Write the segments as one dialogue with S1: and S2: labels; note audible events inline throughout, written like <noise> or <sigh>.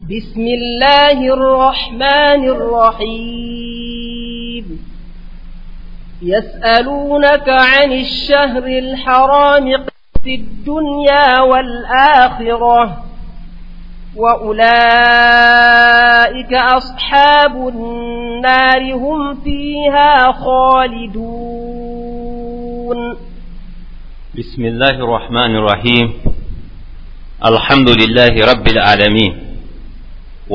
S1: بسم الله الرحمن الرحيم يسألونك عن الشهر الحرام في الدنيا والآخرة وأولئك أصحاب النار هم فيها خالدون
S2: بسم الله الرحمن الرحيم الحمد لله رب العالمين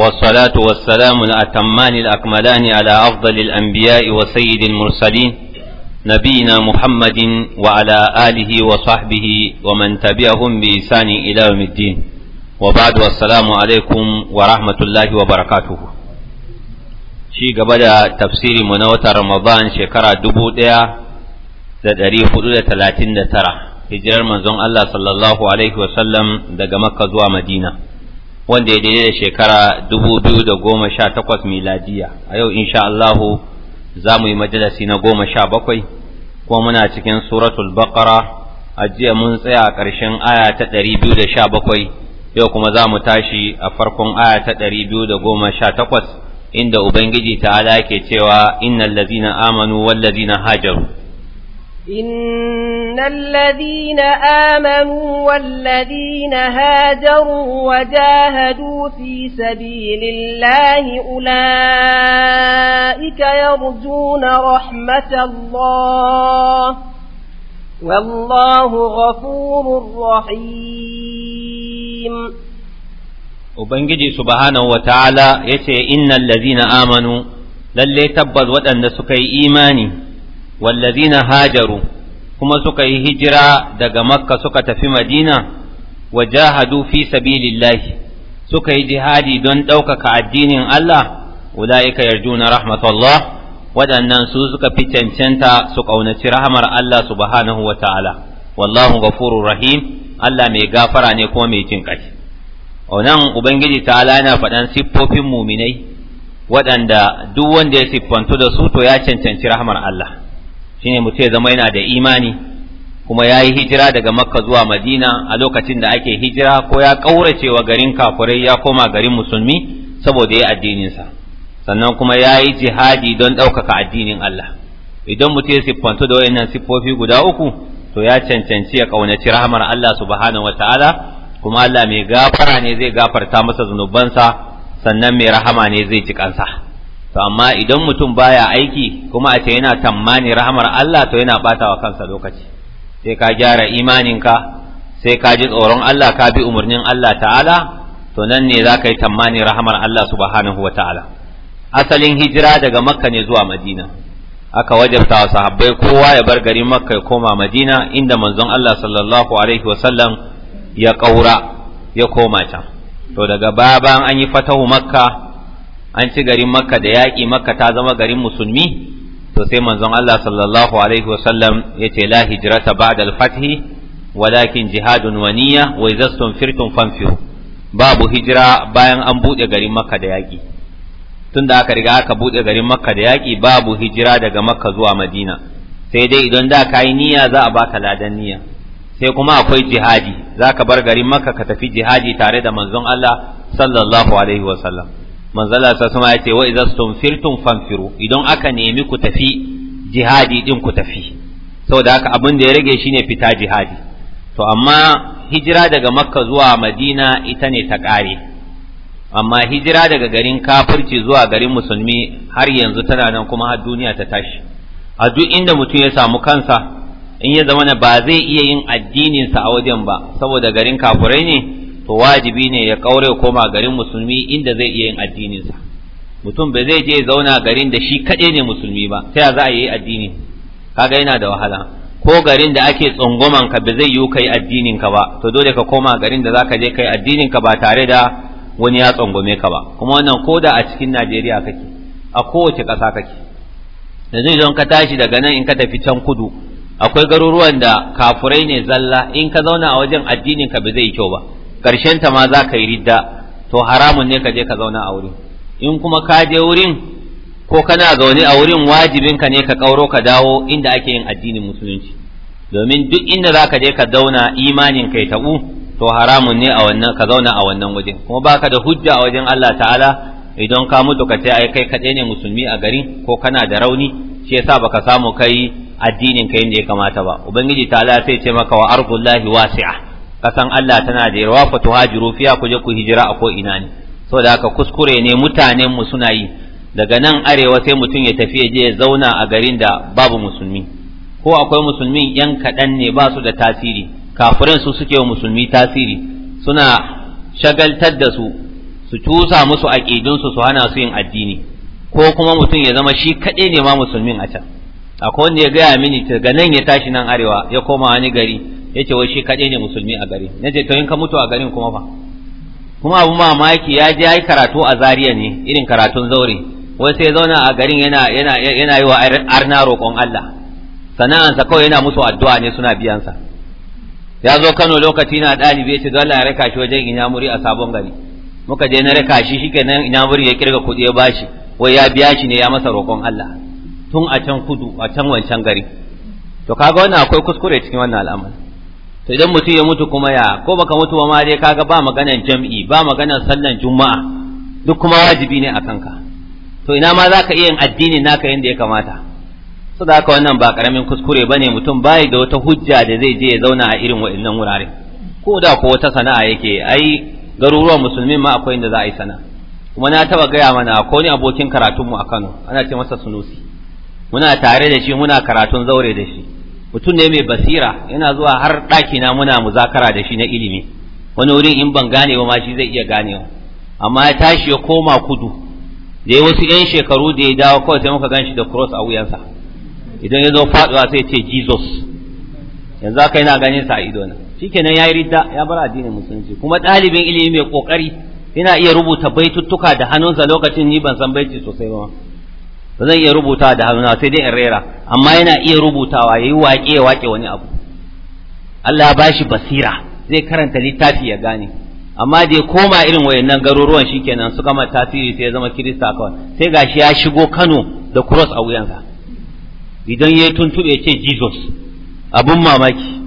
S2: والصلاة والسلام الأتمان الأكملان على أفضل الأنبياء وسيد المرسلين نبينا محمد وعلى آله وصحبه ومن تبعهم بإحسان إلى يوم الدين وبعد والسلام عليكم ورحمة الله وبركاته شيء قبل تفسير منوة رمضان شكرا دبو ديا da ɗari hudu da talatin da tara hijirar manzon Allah sallallahu alaihi wasallam daga makka zuwa madina wanda ya daidai da shekara 2018 miladiya a yau insha Allah za mu yi majalasi na goma sha bakwai kuma muna cikin suratul baqara a jiya mun tsaya a ƙarshen aya ta 217 yau kuma za mu tashi a farkon aya ta 218 inda ubangiji ta'ala ke cewa innal ladzina amanu wal ladzina hajaru
S1: إن الذين آمنوا والذين هاجروا وجاهدوا في سبيل الله أولئك يرجون رحمة الله والله غفور رحيم
S2: وبنجي سبحانه وتعالى يتي إن الذين آمنوا للي تبض ودن سكي إيماني wallazina hajaru kuma suka yi hijira daga makka suka tafi madina wa jahadu fi sabilillahi suka yi jihadi don ɗaukaka addinin Allah ulaika yarjuna rahmatullah waɗannan su suka fi cancanta su ƙaunaci rahamar Allah subhanahu wa ta'ala wallahu ghafurur rahim Allah mai gafara ne kuma mai jin ƙai nan ubangiji ta'ala yana faɗan siffofin muminai waɗanda duk wanda ya siffantu da su to ya cancanci rahmar Allah shine mutum ya zama yana da imani kuma ya yi hijira daga makka zuwa madina a lokacin da ake hijira ko ya ƙaurace wa garin kafurai ya koma garin musulmi saboda ya addininsa sannan kuma ya yi jihadi don ɗaukaka addinin Allah idan mutum ya siffantu da wayannan siffofi guda uku to ya cancanci ya ƙaunaci rahamar Allah subhanahu wataala kuma Allah mai gafara ne zai gafarta masa zunubansa sannan mai rahama ne zai ci kansa to amma idan mutum baya aiki kuma a ce yana tammani rahamar Allah to yana bata wa kansa lokaci sai ka gyara imaninka sai ka ji tsoron Allah ka bi umarnin Allah ta'ala to nan ne za ka yi tammani rahamar Allah subhanahu wa ta'ala asalin hijira daga makka ne zuwa madina aka wajabta wa sahabbai kowa ya bar garin makka ya koma madina inda manzon Allah sallallahu alaihi wa ya kaura ya koma can to daga baban an yi fatahu makka an ci garin makka da yaƙi makka ta zama garin musulmi to sai manzon Allah sallallahu alaihi wasallam ya ce la hijrata ba'da al-fathi walakin jihadun waniya wa idza firtum fanfiru babu hijira bayan an buɗe garin makka da yaƙi tunda aka riga aka buɗe garin makka da yaƙi babu hijira daga makka zuwa madina sai dai idan da ka yi niyya za a baka ladan niyya sai kuma akwai jihadi za ka bar garin makka ka tafi jihadi tare da manzon Allah sallallahu alaihi wasallam manzala sa sama ya ce wa idza stumfirtum fanfiru idan aka nemi ku tafi jihadi din ku tafi saboda haka abin da ya rage shine fita jihadi to amma hijira daga makka zuwa madina ita ne ta kare amma hijira daga garin kafirci zuwa garin musulmi har yanzu tana nan kuma har duniya ta tashi a duk inda mutum ya samu kansa in ya zama ba zai iya yin addininsa a wajen ba saboda garin kafurai ne to wajibi ne ya kaure koma garin musulmi inda zai iya yin addininsa mutum bai zai je zauna garin da shi kaɗai ne musulmi ba sai za a yi addini kaga yana da wahala ko garin da ake tsongoman ka bai zai yi kai addinin ka ba to dole ka koma garin da zaka je kai addinin ka ba tare da wani ya tsongome ka ba kuma wannan koda a cikin Najeriya kake a kowace ƙasa kake yanzu idan ka tashi daga nan in ka tafi can kudu akwai garuruwan da kafurai ne zalla in ka zauna a wajen addinin ka bai zai yi kyau ba karshen ta ma za ka yi ridda to haramun ne ka je ka zauna a wurin in kuma ka je wurin ko kana zaune a wurin wajibin ka ne ka kauro ka dawo inda ake yin addinin musulunci domin duk inda za ka je ka zauna imanin kai tabu to haramun ne a wannan ka zauna a wannan wajen kuma baka da hujja a wajen Allah ta'ala idan ka mutu ka ce ai kai kaɗai ne musulmi a garin ko kana da rauni shi yasa baka samu kai addinin ka yadda ya kamata ba ubangiji ta'ala sai ce maka wa ardullahi wasi'a kasan Allah tana da yarwa fa tuhajiru fiya ku je ku hijira a ko ina ne saboda haka kuskure ne mutanen mu suna yi daga nan arewa sai mutum ya tafi ya je ya zauna a garin da babu musulmi ko akwai musulmi yan kaɗan ne ba su da tasiri kafirin su suke wa musulmi tasiri suna shagaltar da su su cusa musu aƙidunsu su hana su yin addini ko kuma mutum ya zama shi kaɗai ne ma musulmin a can akwai wanda ya gaya mini daga nan ya tashi nan arewa ya koma wani gari yace wai shi kaɗai ne musulmi a gari nace to in ka mutu a garin kuma fa kuma abu mamaki ya je yayi karatu a Zariya ne irin karatun zaure wai sai zauna a garin yana yana yana yi wa arna roƙon Allah sana'ansa kawai yana musu addu'a ne suna biyan sa ya zo Kano lokaci na ɗalibi yace dole a raka shi wajen Inyamuri a sabon gari muka je na raka shi shi ina Inyamuri ya kirga kuɗi ya bashi wai ya biya shi ne ya masa roƙon Allah tun a can kudu a can wancan gari to kaga wannan akwai kuskure cikin wannan al'amari to idan mutum ya mutu kuma ya ko baka mutu ba ma dai kaga ba maganar jam'i ba maganar sallan juma'a duk kuma wajibi ne a kanka to ina ma zaka iya yin addinin naka yanda ya kamata saboda haka wannan ba karamin kuskure ba ne mutum bai da wata hujja da zai je ya zauna a irin wa'annan wurare ko da ko wata sana'a yake ai garuruwan musulmin ma akwai inda za a yi sana'a kuma na taba gaya mana ko ni abokin karatunmu a Kano ana ce masa Sunusi muna tare da shi muna karatun zaure da shi mutum ne mai basira yana zuwa har ɗaki na muna muzakara da shi na ilimi wani wurin in ban gane ba ma shi zai iya ganewa amma ya tashi ya koma kudu da ya wasu 'yan shekaru da ya dawo kawai sai muka ganshi da cross a wuyansa idan ya zo faɗuwa sai ce jesus yanzu aka yana ganin sa a ido na shikenan yi ridda ya bar addinin musulunci kuma ɗalibin ilimi mai ƙoƙari yana iya rubuta baituttuka da hannunsa lokacin ni ban san baiti sosai ba ba zan iya rubuta da hannu sai dai in rera amma yana iya rubutawa yayi waƙe waƙe wani abu Allah ba shi basira zai karanta littafi ya gane amma da ya koma irin wayannan garuruwan shikenan su gama tasiri sai ya zama kirista kawai sai gashi ya shigo Kano da cross a wuyansa idan ya tuntube ya ce Jesus abun mamaki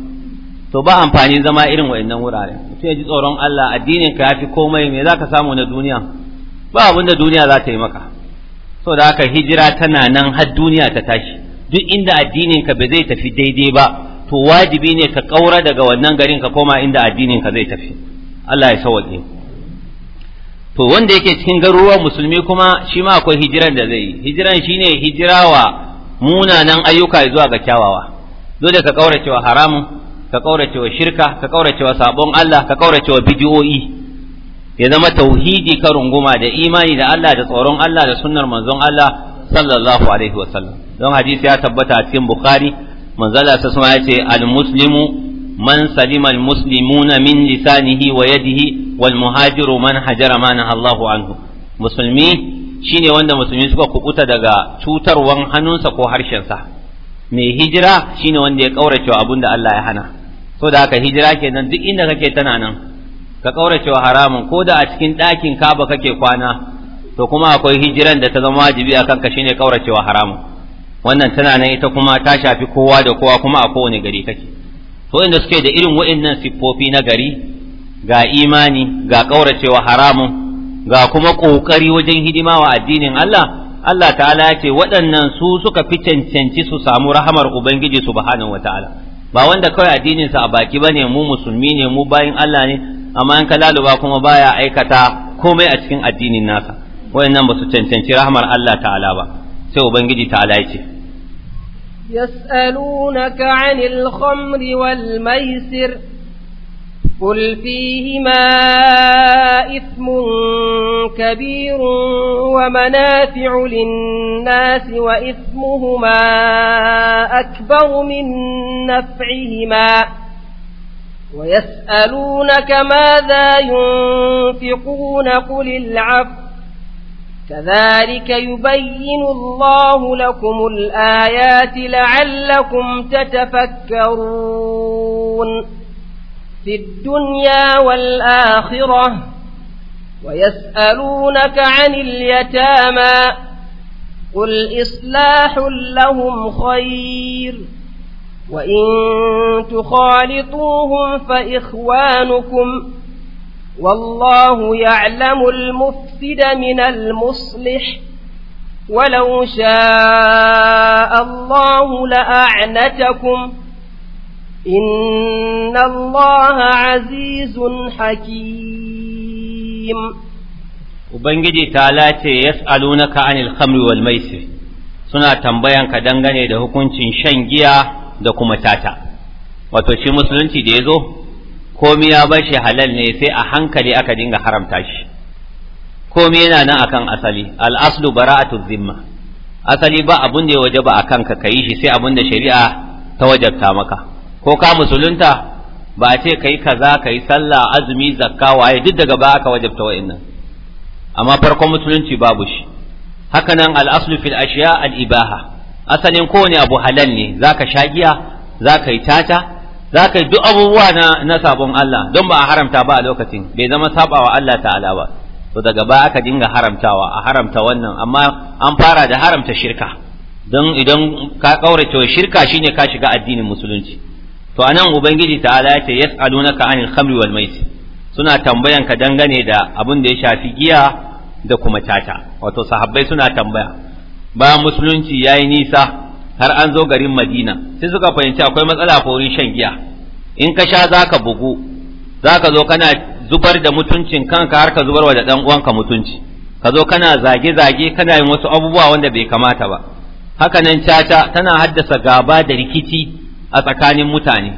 S2: to ba amfani zama irin wayannan wurare mutum ya ji tsoron Allah addinin ka yafi komai me zaka samu na duniya ba abin da duniya za ta yi maka so da haka hijira tana nan har duniya ta tashi duk inda addinin ka ba zai tafi daidai ba to wajibi ne ka kaura daga wannan garin ka koma inda addinin ka zai tafi Allah ya sauke to wanda yake cikin garuruwan musulmi kuma shi ma akwai hijiran da zai yi hijiran shine hijirawa munanan ayyuka zuwa ga kyawawa dole ka wa haramun ka cewa shirka ka wa sabon Allah ka cewa bidiyoyi ya zama tauhidi ka runguma da imani da Allah da tsoron Allah da sunnar manzon Allah sallallahu alaihi wasallam don hadisi ya tabbata a cikin bukhari manzala sa suma yace al muslimu man salima al muslimuna min lisanihi wa yadihi wal muhajiru man hajara ma Allahu anhu musulmi shine wanda musulmi suka kukuta daga cutarwan hannunsa ko harshensa mai hijira shine wanda ya kaurace abin da Allah ya hana so da haka hijira kenan duk inda kake tana nan ka kauracewa haramun ko da a cikin ɗakin kaba kake kwana to kuma akwai hijiran da ta zama wajibi a kanka shine kauracewa haramun wannan tana nan ita kuma ta shafi kowa da kowa kuma a kowane gari kake to inda suke da irin waɗannan siffofi na gari ga imani ga kauracewa haramun ga kuma kokari wajen hidima wa addinin Allah Allah ta'ala ya ce waɗannan su suka fi cancanci su samu rahamar ubangiji subhanahu Ta'ala. ba wanda kawai addininsa a baki bane mu musulmi ne mu bayin Allah ne amma in ka laluba kuma baya aikata komai a cikin addinin nasa wayannan ba su cancanci rahmar Allah ta'ala ba sai ubangiji ta'ala ya ce
S1: يسألونك عن الخمر والميسر قل فيهما إثم كبير ومنافع للناس وإثمهما أكبر من نفعهما ويسألونك ماذا ينفقون قل العفو كذلك يبين الله لكم الآيات لعلكم تتفكرون في الدنيا والآخرة ويسألونك عن اليتامى قل إصلاح لهم خير وإن تخالطوهم فإخوانكم والله يعلم المفسد من المصلح ولو شاء الله لأعنتكم إن الله عزيز حكيم
S2: Ubangiji ta lace yas'alunaka anil khamri wal maisir suna tambayanka dangane da hukuncin shan giya da kuma tata wato shi musulunci da ya zo komi ya bar shi halal ne sai a hankali aka dinga haramta shi komi yana nan akan asali al'aslu bara'atu zimma asali ba abun da ya ba a kanka ka yi shi sai abunda da shari'a ta wajabta maka ko ka musulunta ba a ce ka yi kaza ka yi sallah azumi zakka waye duk daga ba aka wajabta wa'annan amma farkon musulunci babu shi haka nan al'aslu fil ashiya al ibaha asalin kowane abu halal ne zaka sha giya zaka yi tata zaka yi duk abubuwa na na sabon Allah don ba a haramta ba a lokacin bai zama sabawa Allah ta'ala ba to daga baya aka dinga haramtawa a haramta wannan amma an fara da haramta shirka don idan ka kaurace shirka shine ka shiga addinin musulunci to anan ubangiji ta'ala ya ce yas'alunaka anil khamri wal maisir suna tambayan ka dangane da abin da ya shafi giya da kuma tata wato sahabbai suna tambaya ba musulunci ya yi nisa har an zo garin Madina sai suka fahimci akwai matsala a wurin shan giya in ka sha za ka bugu za ka zo kana zubar da mutuncin kanka har ka zubar da dan uwanka mutunci ka zo kana zage zage kana yin wasu abubuwa wanda bai kamata ba haka nan caca tana haddasa gaba da rikici a tsakanin mutane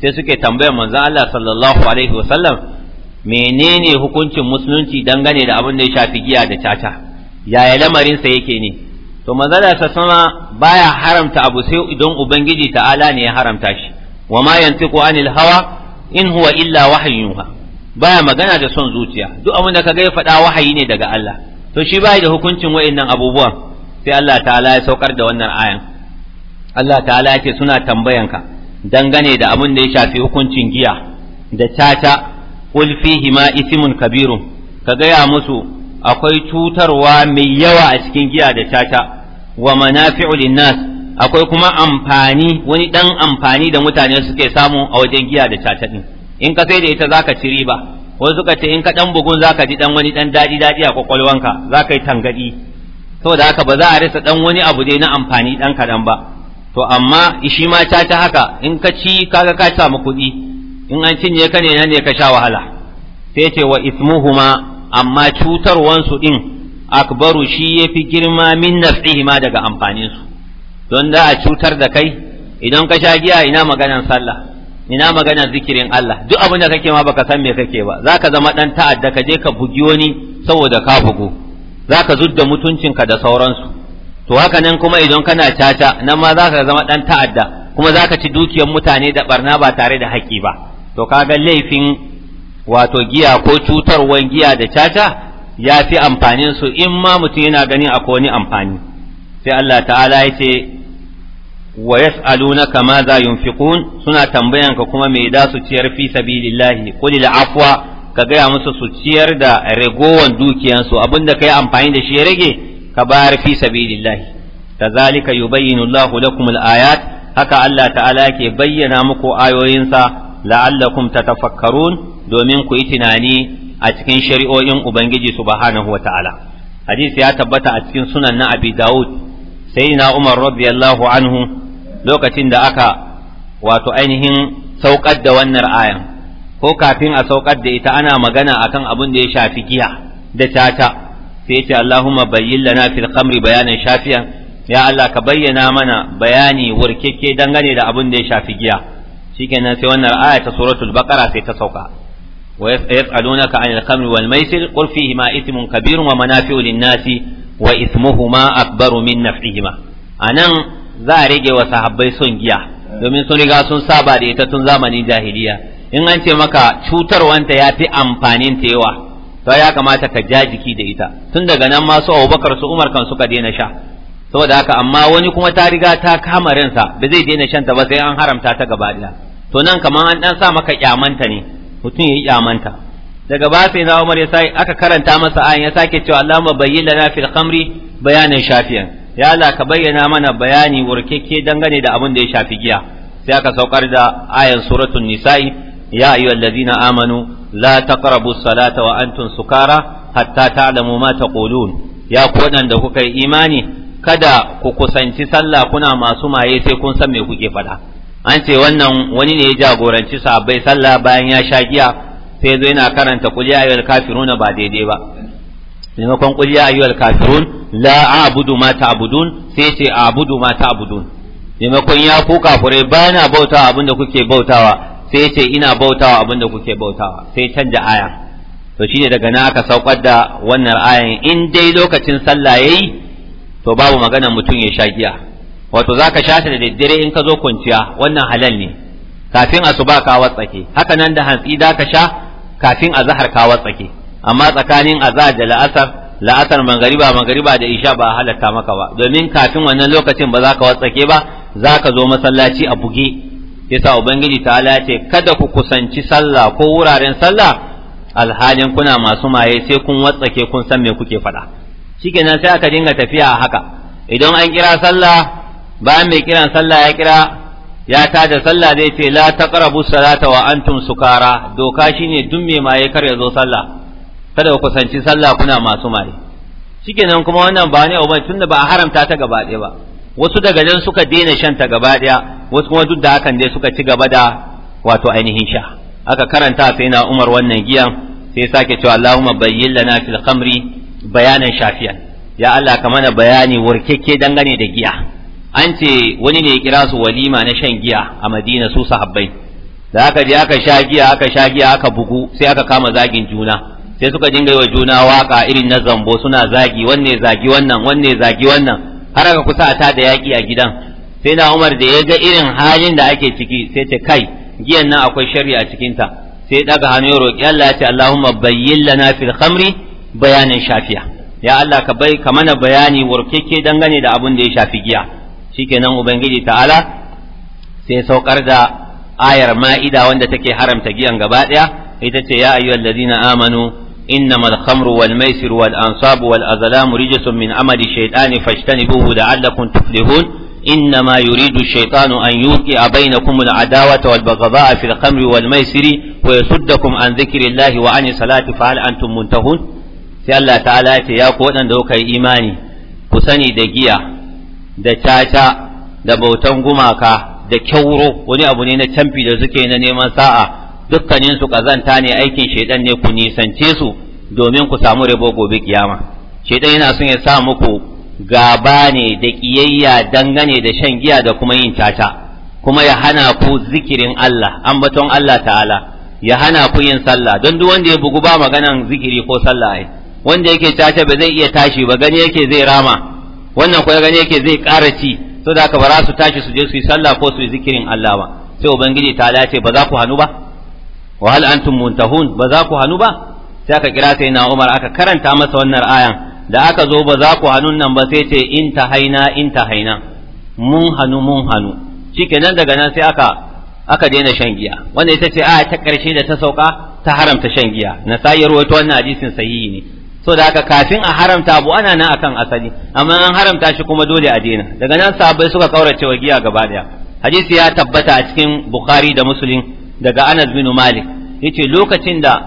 S2: sai suke tambayar manzon Allah sallallahu alaihi wasallam menene hukuncin musulunci dangane da abin da ya shafi giya da caca yaya lamarinsa yake ne to manzala ta sama baya haramta abu sai idan ubangiji ta'ala ne ya haramta shi wa ma yantiqu anil hawa in huwa illa wahyuha baya magana da son zuciya duk abin da kaga ya faɗa wahayi ne daga Allah to shi bai da hukuncin wayannan abubuwan sai Allah ta'ala ya saukar da wannan ayan Allah ta'ala ya ce suna tambayanka dangane da abin da ya shafi hukuncin giya da tata qul fihi ma ismun kabirun ka gaya musu akwai cutarwa mai yawa a cikin giya da caca wa manafi'u linnas akwai kuma amfani wani dan amfani da mutane suke samu a wajen giya da caca din in ka sai da ita zaka ci riba ko suka ce in ka dan bugun zaka ji dan wani dan dadi dadi a kwakwalwanka zaka yi tangadi saboda haka ba za a rasa dan wani abu dai na amfani dan dan ba to amma shi ma caca haka in ka ci kaga ka samu kuɗi in an cinye ka ne ne ka sha wahala sai ce wa ismuhuma amma cutarwansu ɗin akbaru shi ya fi girma min nafihi ma daga amfaninsu don da a cutar da kai idan ka sha giya ina maganan sallah ina maganan zikirin Allah duk abin da kake ma baka san me kake ba zaka zama ɗan ta'adda ka je ka bugi wani saboda ka bugu zaka zudda mutuncinka da sauransu to haka nan kuma idan kana caca nan ma zaka zama ɗan ta'adda kuma zaka ci dukiyar mutane da barna ba tare da haƙƙi ba to kaga laifin wato giya ko cutarwar giya da caca ya fi amfaninsu in ma mutum yana ganin akwai wani amfani sai Allah ta'ala ya ce wa yas'alunaka ma za yunfiqun suna tambayan ka kuma me da su ciyar fi sabilillahi qul afwa ka gaya musu su ciyar da ragowan dukiyansu abinda kai amfani da shi ya rage ka bayar fi sabilillahi kazalika yubayyinu Allahu lakum al-ayat haka Allah ta'ala yake bayyana muku ayoyinsa la'allakum tatafakkarun domin ku yi tunani a cikin shari'o'in ubangiji subhanahu wataala hadisi ya tabbata a cikin sunan na abi dawud na umar radiyallahu anhu lokacin da aka wato ainihin saukar da wannan ayan ko kafin a saukar da ita ana magana akan abin da ya shafi giya da tata sai ce Allahumma bayyin lana fil bayanan shafiyan ya Allah ka bayyana mana bayani warkekke dangane da abin da ya shafi giya shikenan sai wannan aya ta suratul baqara sai ta sauka ويسألونك عن الخمر والميسر قل فيهما إثم كبير ومنافع للناس وإثمهما أكبر من نفعهما أنا زارج وصحابي سنجيا domin sun riga sun saba da ita tun zamanin jahiliya in an ce maka wanta ya fi amfanin ta yawa to ya kamata ka ja jiki da ita tun daga nan masu Abubakar su Umar kan suka daina sha saboda haka amma wani kuma ta riga ta kama ransa ba zai daina shan ta ba sai an haramta ta gaba ɗaya. to nan kaman an dan sa maka kyamanta ne mutum ya yi kyamanta daga ba sai na Umar ya sai aka karanta masa ayan ya sake cewa Allahumma bayyin lana fil khamri bayanin shafiyan ya Allah ka bayyana mana bayani warkekke dangane da abin da ya shafi giya sai aka saukar da ayan suratul nisa'i ya ayyuhallazina amanu la taqrabu salata wa antum sukara hatta ta'lamu ma taqulun ya ku waɗanda kuka yi imani kada ku kusanci sallah kuna masu maye sai kun san me kuke faɗa an ce wannan wani ne ya jagoranci sahabbai sallah bayan ya sha giya sai zo yana karanta qul ya kafiruna ba daidai ba maimakon qul ya ayyuhal kafirun la a'budu ma ta'budun sai ce a'budu ma ta'budun maimakon ya ku kafure bayan bautawa abinda kuke bautawa sai ce ina bautawa abinda kuke bautawa sai canja aya to shine daga nan aka saukar da wannan ayan in dai lokacin sallah yayi to babu magana mutum ya sha giya wato zaka sha ta da daddare in ka zo kwanciya wannan halal ne kafin a ba ka watsake haka nan da hantsi da ka sha kafin a zahar ka watsake amma tsakanin azhar da la'asar la'asar mangariba mangariba da isha ba a halatta maka ba domin kafin wannan lokacin ba za ka watsake ba za ka zo masallaci a buge yasa ubangiji ta ala ce kada ku kusanci sallah ko wuraren sallah alhalin kuna masu maye sai kun watsake kun san me kuke faɗa shikenan sai aka dinga tafiya haka idan an kira sallah bayan mai kiran sallah ya kira ya tada sallah zai ce la taqrabu salata wa antum sukara doka shine duk mai maye kar ya zo sallah kada ku kusanci sallah kuna masu maye shikenan kuma wannan ba ne ubai tunda ba a haramta ta gaba ɗaya ba wasu daga nan suka daina shan ta gaba ɗaya wasu kuma duk da hakan dai suka ci gaba da wato ainihin sha aka karanta sai na Umar wannan giyan sai sake cewa Allahumma bayyin lana fil khamri bayanan shafiyan ya Allah ka mana bayani warkeke dangane da giya an ce wani ne ya kira su walima na shan giya a Madina su sahabbai da aka je aka sha giya aka sha giya aka bugu sai aka kama zagin juna sai suka dinga yi wa juna waka irin na zambo suna zagi wanne zagi wannan wanne zagi wannan har aka kusa ta da yaki a gidan sai na Umar da ya ga irin halin da ake ciki sai ta kai giyan nan akwai sharri a cikinta sai daga hannu ya roƙi Allah ya ce Allahumma bayyin lana fil khamri bayanin shafiya ya Allah ka bai ka mana bayani warkeke dangane da abin da ya shafi giya shikenan ubangiji ta'ala sai saukar da ayar ma'ida wanda take haramta giyan gaba daya ita ce ya ayyuhal ladina amanu innamal khamru wal maisir wal ansabu wal azlam rijsun min amali shaytani fashtanibuhu la'allakum tuflihun إنما يريد الشيطان أن يوقع بينكم العداوة والبغضاء في الخمر والميسر ويصدكم عن ذكر الله وعن الصلاة فهل أنتم منتهون؟ سأل الله تعالى يا قوة imani دوك إيماني كسني دقيقة da caca da bautan gumaka da kyauro wani abu ne na canfi da suke na neman sa'a dukkanin su kazanta ne aikin shaidan ne ku nisance su domin ku samu rabo gobe kiyama shaidan yana sun ya sa muku gaba ne da ƙiyayya dangane da shan giya da kuma yin caca kuma ya hana ku zikirin Allah ambaton Allah ta'ala ya hana ku yin sallah don duk wanda ya bugu ba maganan zikiri ko sallah ai wanda yake caca ba zai iya tashi ba gani yake zai rama wannan ko ya gani yake zai ƙara ci so da aka ba za su tashi su je su yi sallah ko su yi zikirin Allah ba sai ubangiji ta ce ba za ku hannu ba wa hal antum muntahun ba za ku hannu ba sai aka kira sai na Umar aka karanta masa wannan ayan da aka zo ba za ku hannun nan ba sai ce in ta haina in ta haina mun hannu mun hannu shikenan daga nan sai aka aka daina shan giya wanda ita ce aya ta karshe da ta sauka ta haramta shan giya na sayar wato wannan hadisin sahihi ne so da haka kafin a haramta abu ana nan akan asali amma an haramta shi kuma dole a daina daga nan sahabbai suka kaurace giya gaba daya hadisi ya tabbata a cikin bukhari da muslim daga anas bin malik yace lokacin da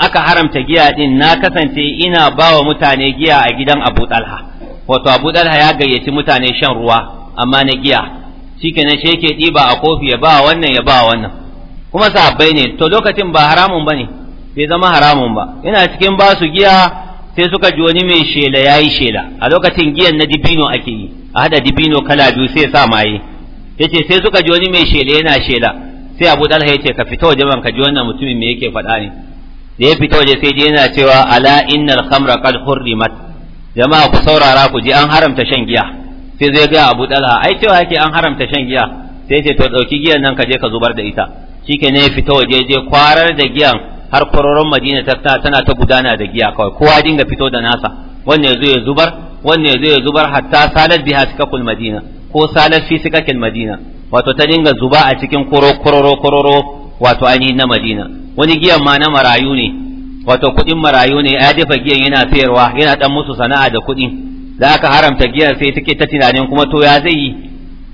S2: aka haramta giya din na kasance ina ba wa mutane giya a gidan abu talha wato abu talha ya gayyaci mutane shan ruwa amma na giya shikenan shi yake ɗiba a kofi ya ba wannan ya ba wannan kuma sahabbai ne to lokacin ba haramun bane bai zama haramun ba ina cikin ba su giya sai suka ji wani mai shela ya yi shela a lokacin giyan na dibino ake yi a hada dibino kala biyu sai sa maye yace sai suka ji wani mai shela yana shela sai Abu ya ce ka fita waje ban ka ji wannan mutumin me yake faɗa ne da ya fita waje sai je yana cewa ala innal khamra qad hurrimat jama'a ku saurara ku ji an haramta shan giya sai zai ga Abu ai cewa yake an haramta shan giya sai ce to dauki giyan nan ka je ka zubar da ita shike ne ya fita waje je kwarar da giyan har kororon madina tana ta gudana da giya kawai kowa dinga fito da nasa wannan yazo ya zubar wannan yazo ya zubar hatta salat biha kul madina ko salat fi kul madina wato ta dinga zuba a cikin koro kororo kororo wato ainihin na madina wani giyan ma na marayu ne wato kuɗin marayu ne ya dafa giyan yana sayarwa yana dan musu sana'a da kuɗi da aka haramta giyan sai take ta tunanin kuma to ya zai yi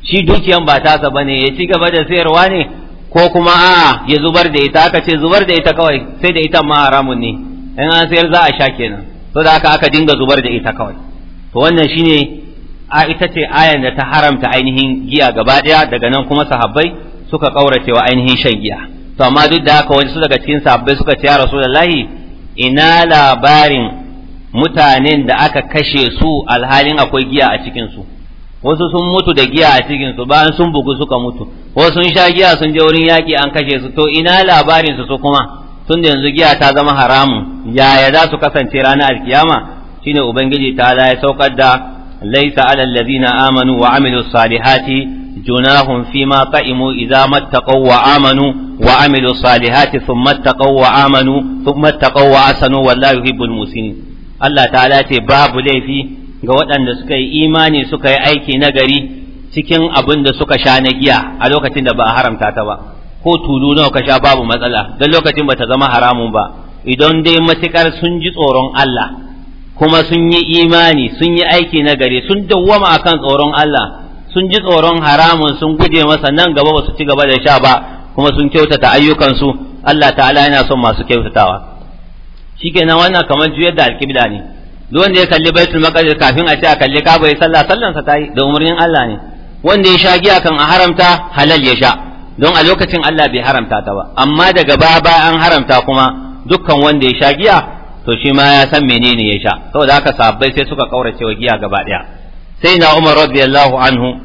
S2: shi dukiyan ba tasa bane ya ci gaba da sayarwa ne ko kuma a ya zubar da ita aka ce zubar da ita kawai sai da ita ma haramun ne in an sayar za a sha kenan to da aka aka dinga zubar da ita kawai to wannan shine a ita ce ayan da ta haramta ainihin giya gaba daya daga nan kuma sahabbai suka kaurace wa ainihin shan giya to amma duk da haka su daga cikin sahabbai suka ce ya rasulullahi ina labarin mutanen da aka kashe su alhalin akwai giya a cikin su wasu sun mutu da giya a cikin su bayan sun bugu suka mutu wasu sun sha giya sun je wurin yaki an kashe su to ina labarin su su kuma tun da yanzu giya ta zama haramun yaya za su kasance ranar alkiyama shine ubangiji ta ya saukar da laisa Alalazina amanu wa amilu salihati junahum fima qa'imu idza mattaqaw wa amanu wa amilu salihati thumma taqaw wa amanu thumma taqaw wa asanu wallahu yuhibbul Allah ta'ala ce babu laifi ga waɗanda suka yi imani suka yi aiki na gari cikin abin da suka sha na giya a lokacin da ba a haramta ta ba ko tulu nawa ka sha babu matsala don lokacin ba ta zama haramun ba idan dai matukar sun ji tsoron Allah kuma sun yi imani sun yi aiki na gari sun dawwama akan tsoron Allah sun ji tsoron haramun sun guje masa nan gaba ba su ci gaba da sha ba kuma sun kyautata ayyukansu Allah ta'ala yana son masu kyautatawa shikenan wannan kamar juyar da alƙibla ne duk wanda ya kalli baitul maqdis kafin a ce a kalli kaba ya sallah sallan sa tayi da umurnin Allah ne wanda ya sha giya kan a haramta halal ya sha don a lokacin Allah bai haramta ta ba amma daga baya an haramta kuma dukkan wanda ya sha giya to shi ma ya san menene ya sha saboda haka sahabbai sai suka kaurace wa giya gaba daya sai na Umar radiyallahu anhu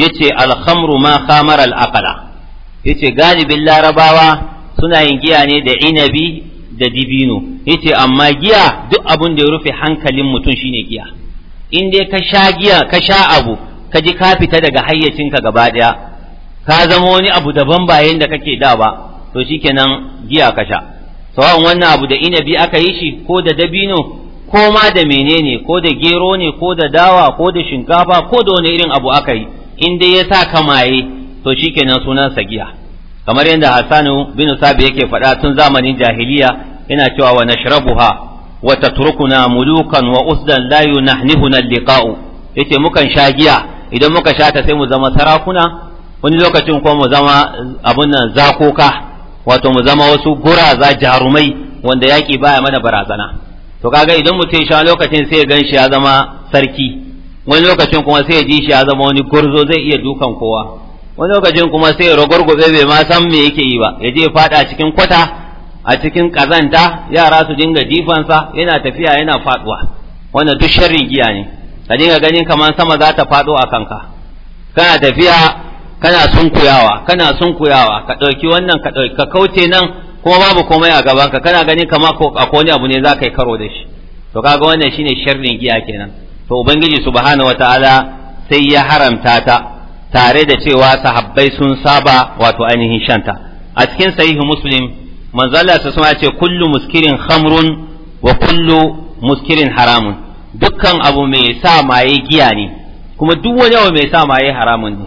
S2: yace al-khamru ma khamara al-aqla yace galibin larabawa suna yin giya ne da inabi da dibino yace amma giya duk abun da ya rufe hankalin mutum shine giya in dai ka sha giya ka sha abu ka ji ka fita daga hayyacinka gaba daya ka zama wani abu daban ba da kake da ba to shikenan giya ka sha sawan wannan abu da inabi aka yi shi ko da dabino ko ma da menene ko da gero ne ko da dawa ko da shinkafa ko da wani irin abu aka yi in dai ya sa ka maye to shikenan sunansa giya kamar yadda Hassanu bin Sabi yake faɗa tun zamanin jahiliya yana cewa wa nashrabuha wa tatrukuna mulukan wa usdan la yunahnihuna liqa'u yace mukan sha giya idan muka sha ta sai mu zama sarakuna wani lokacin kuma mu zama abun nan zakoka wato mu zama wasu guraza jarumai wanda yaki baya mana barazana to kaga idan mutum sha lokacin sai ya gan ya zama sarki wani lokacin kuma sai ya ji shi ya zama wani gurzo zai iya dukan kowa wani lokacin kuma sai gobe bai ma san me yake yi ba ya je fada cikin kwata a cikin kazanta yara su dinga jifansa yana tafiya yana faduwa wannan duk sharrin giya ne ka dinga ganin kamar sama za ta fado a kanka kana tafiya kana sunkuyawa kana sunkuyawa ka ɗauki wannan ka ɗauki ka kauce nan kuma babu komai a gaban ka kana ganin kamar a wani abu ne za ka yi karo da shi to kaga wannan shine sharrin giya kenan to ubangiji subhanahu wataala sai ya haramta ta tare da cewa sahabbai sun saba wato ainihin shanta a cikin sahihu muslim manzala ta suna ce kullu muskirin khamrun wa kullu muskirin haramun dukkan abu mai sa maye giya ne kuma duk wani abu mai sa maye haramun ne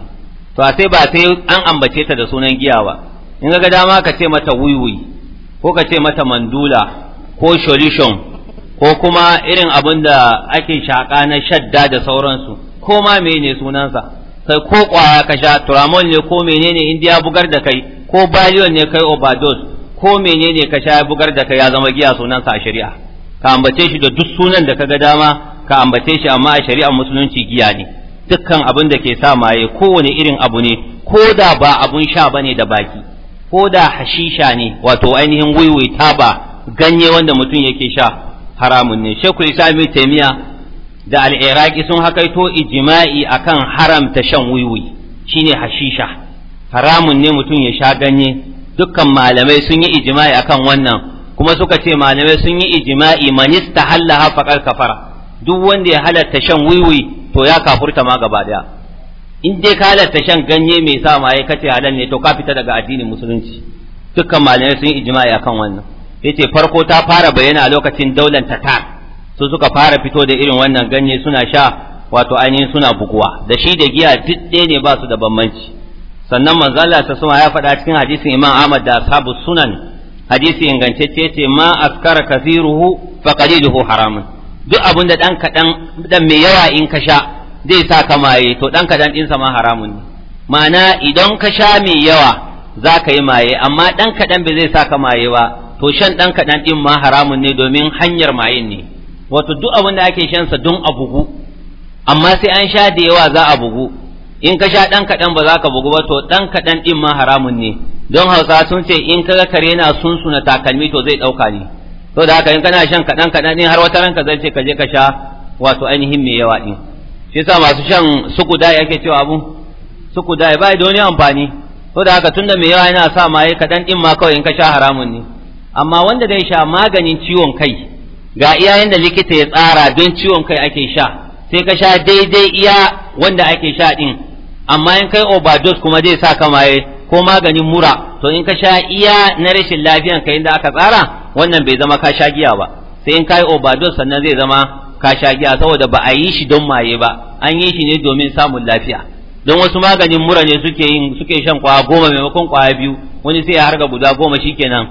S2: to sai ba sai an ambace ta da sunan giya ba in ga dama ka ce mata wiwi ko ka ce mata mandula ko solution ko kuma irin abin da ake shaka na shadda da sauransu ko ma mene sunansa sai ko kwaya ka sha turamol ne ko menene indi ya bugar da kai ko baliyon ne kai obados ko menene ka sha ya bugar da kai ya zama giya sunan sa a shari'a ka ambace shi da duk sunan da kaga dama ka ambace shi amma a shari'a musulunci giya ne dukkan abin da ke sa maye kowane irin abu ne ko da ba abun sha bane da baki ko da hashisha ne wato ainihin wiwi taba ganye wanda mutum yake sha haramun ne shekul islam taimiya da al sun hakaito a akan haramta shan wiwi shine hashisha haramun ne mutum ya sha ganye dukkan malamai sun yi a akan wannan kuma suka ce malamai sun yi ijima’i manista hallaha faqal kafara duk wanda ya halatta shan wiwi to ya kafurta ma gaba daya in dai ka halatta shan ganye mai sa ya kace halal ne to ka fita daga addinin musulunci dukkan malamai sun yi a akan wannan yace farko ta fara bayyana a lokacin daular tatar su suka fara fito da irin wannan ganye suna sha wato ainihin suna buguwa da shi da giya duk ɗaya ne ba su da bambanci sannan manzo Allah ta suma ya faɗa cikin hadisin Imam Ahmad da ashabu sunan hadisi ingantacce ce ma askara kathiruhu fa qaliluhu haramun duk abin da dan kadan dan mai yawa in ka sha zai sa ka maye to dan kadan din sa ma haramun ne ma'ana idan ka sha mai yawa za ka yi maye amma dan kadan bai zai sa ka maye ba to shan dan kadan din ma haramun ne domin hanyar mayin ne wato duk abin da ake shansa don a bugu amma sai an sha da yawa za a bugu in ka sha ɗan kaɗan ba za ka bugu ba to ɗan kaɗan ɗin ma haramun ne don hausa sun ce in ka kare na suna takalmi to zai ɗauka ne to da haka in kana shan kaɗan kaɗan ɗin har wata ranka zai ce ka je ka sha wato ainihin mai yawa ɗin shi yasa masu shan suku da yake cewa abu suku da ba da wani amfani to da haka tunda mai yawa yana sa maye kaɗan ɗin ma kawai in ka sha haramun ne amma wanda zai sha maganin ciwon kai ga iya da likita ya tsara don ciwon kai ake sha sai ka sha daidai iya wanda ake sha din amma in kai overdose kuma zai sa ka maye ko maganin mura to in ka sha iya na rashin lafiyan ka inda aka tsara wannan bai zama ka sha giya ba sai in kai overdose sannan zai zama ka sha giya saboda ba a yi shi don maye ba an yi shi ne domin samun lafiya don wasu maganin mura ne suke yin suke shan kwaya goma maimakon kwaya biyu wani sai ya harga guda goma shikenan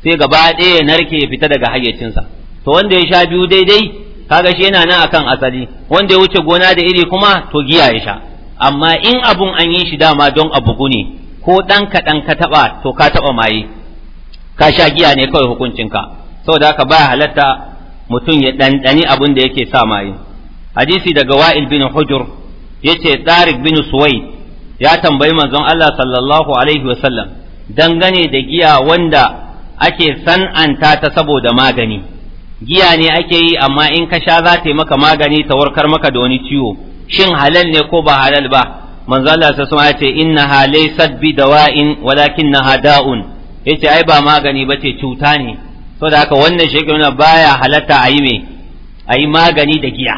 S2: sai gaba ɗaya narke ya fita daga hayyacinsa to wanda ya sha biyu daidai kaga shi yana nan akan asali wanda ya wuce gona da iri kuma to giya ya sha amma in abun an yi shi dama don a bugu ne ko ɗan kaɗan ka taɓa to ka taɓa maye ka sha giya ne kawai hukuncinka saboda haka baya halatta mutum ya ɗanɗani abun da yake sa maye hadisi daga wa'il bin hujur yace tsarik bin suwaid ya tambayi manzon Allah sallallahu alaihi wasallam dangane da giya wanda ake san'anta ta saboda magani giya ne ake yi amma in ka sha za ta yi maka magani ta warkar maka da wani ciwo shin halal ne ko ba halal ba manzo Allah sai sun ce innaha laysat bidawa'in walakinnaha da'un yace ai ba magani bace cuta ne saboda haka wannan shekaru baya halatta a yi me a yi magani da giya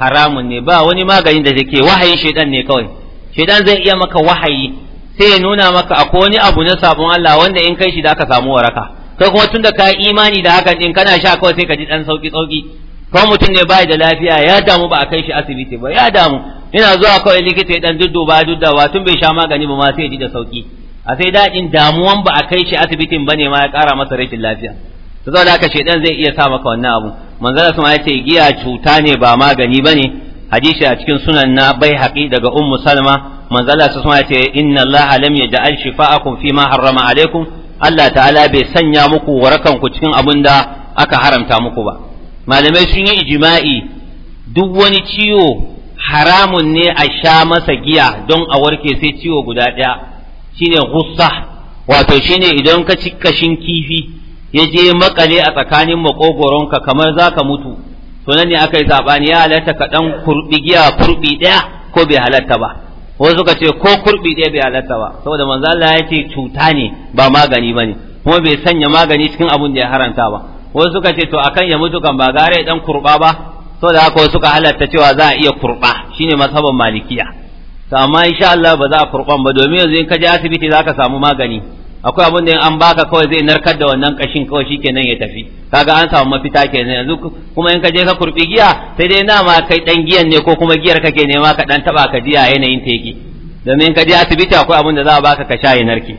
S2: haramun ne ba wani magani da take wahayin shedan ne kawai shedan zai iya maka wahayi sai ya nuna maka akwai wani abu na sabon Allah wanda in kai shi da ka samu waraka kai kuma tunda ka imani da hakan din kana sha kawai sai ka ji dan sauki sauki ko mutum ne bai da lafiya ya damu ba a kai shi asibiti ba ya damu ina zuwa kawai likita ya dan dudduba duddawa tun bai sha magani ba ma sai ji da sauki a sai dadin damuwan ba a kai shi asibitin ne ma ya kara masa rashin lafiya to saboda haka shedan zai iya sa maka wannan abu manzala sama ya ce giya cuta ne ba magani bane hadisi a cikin sunan na bai haƙi daga ummu salma manzala sama ya ce inna allaha lam yaj'al shifa'akum fi ma harrama alaikum Allah ta'ala bai sanya muku warakan ku cikin abin da aka haramta muku ba malamai sun yi ijima'i duk wani ciwo haramun ne a sha masa giya don a warke sai ciwo guda ɗaya shine gussa wato shine idan ka ci kashin kifi ya je makale a tsakanin makogoronka kamar za ka mutu to nan ne aka yi saɓani ya halatta ka ɗan kurɓi giya kurɓi ɗaya ko bai halatta ba wasu suka ce ko kurbi ɗaya bai halatta ba saboda manzo Allah ya ce cuta ne ba magani ba ne kuma bai sanya magani cikin abun da ya haranta ba wasu suka ce to akan ya mutu kan ba gare dan kurba ba saboda haka wasu suka halatta cewa za a iya kurba shine mazhaban malikiya to amma insha Allah ba za a kurban ba domin yanzu in ka je asibiti zaka samu magani akwai abin da an baka kawai zai narkar da wannan kashin kawai shi kenan ya tafi kaga an samu mafita kenan yanzu kuma in ka je ka kurbi giya sai dai nama kai dan giyan ne ko kuma giyar kake nema ka dan taba ka jiya yanayin teki domin ka je asibiti akwai abin da za a baka ka sha ya narke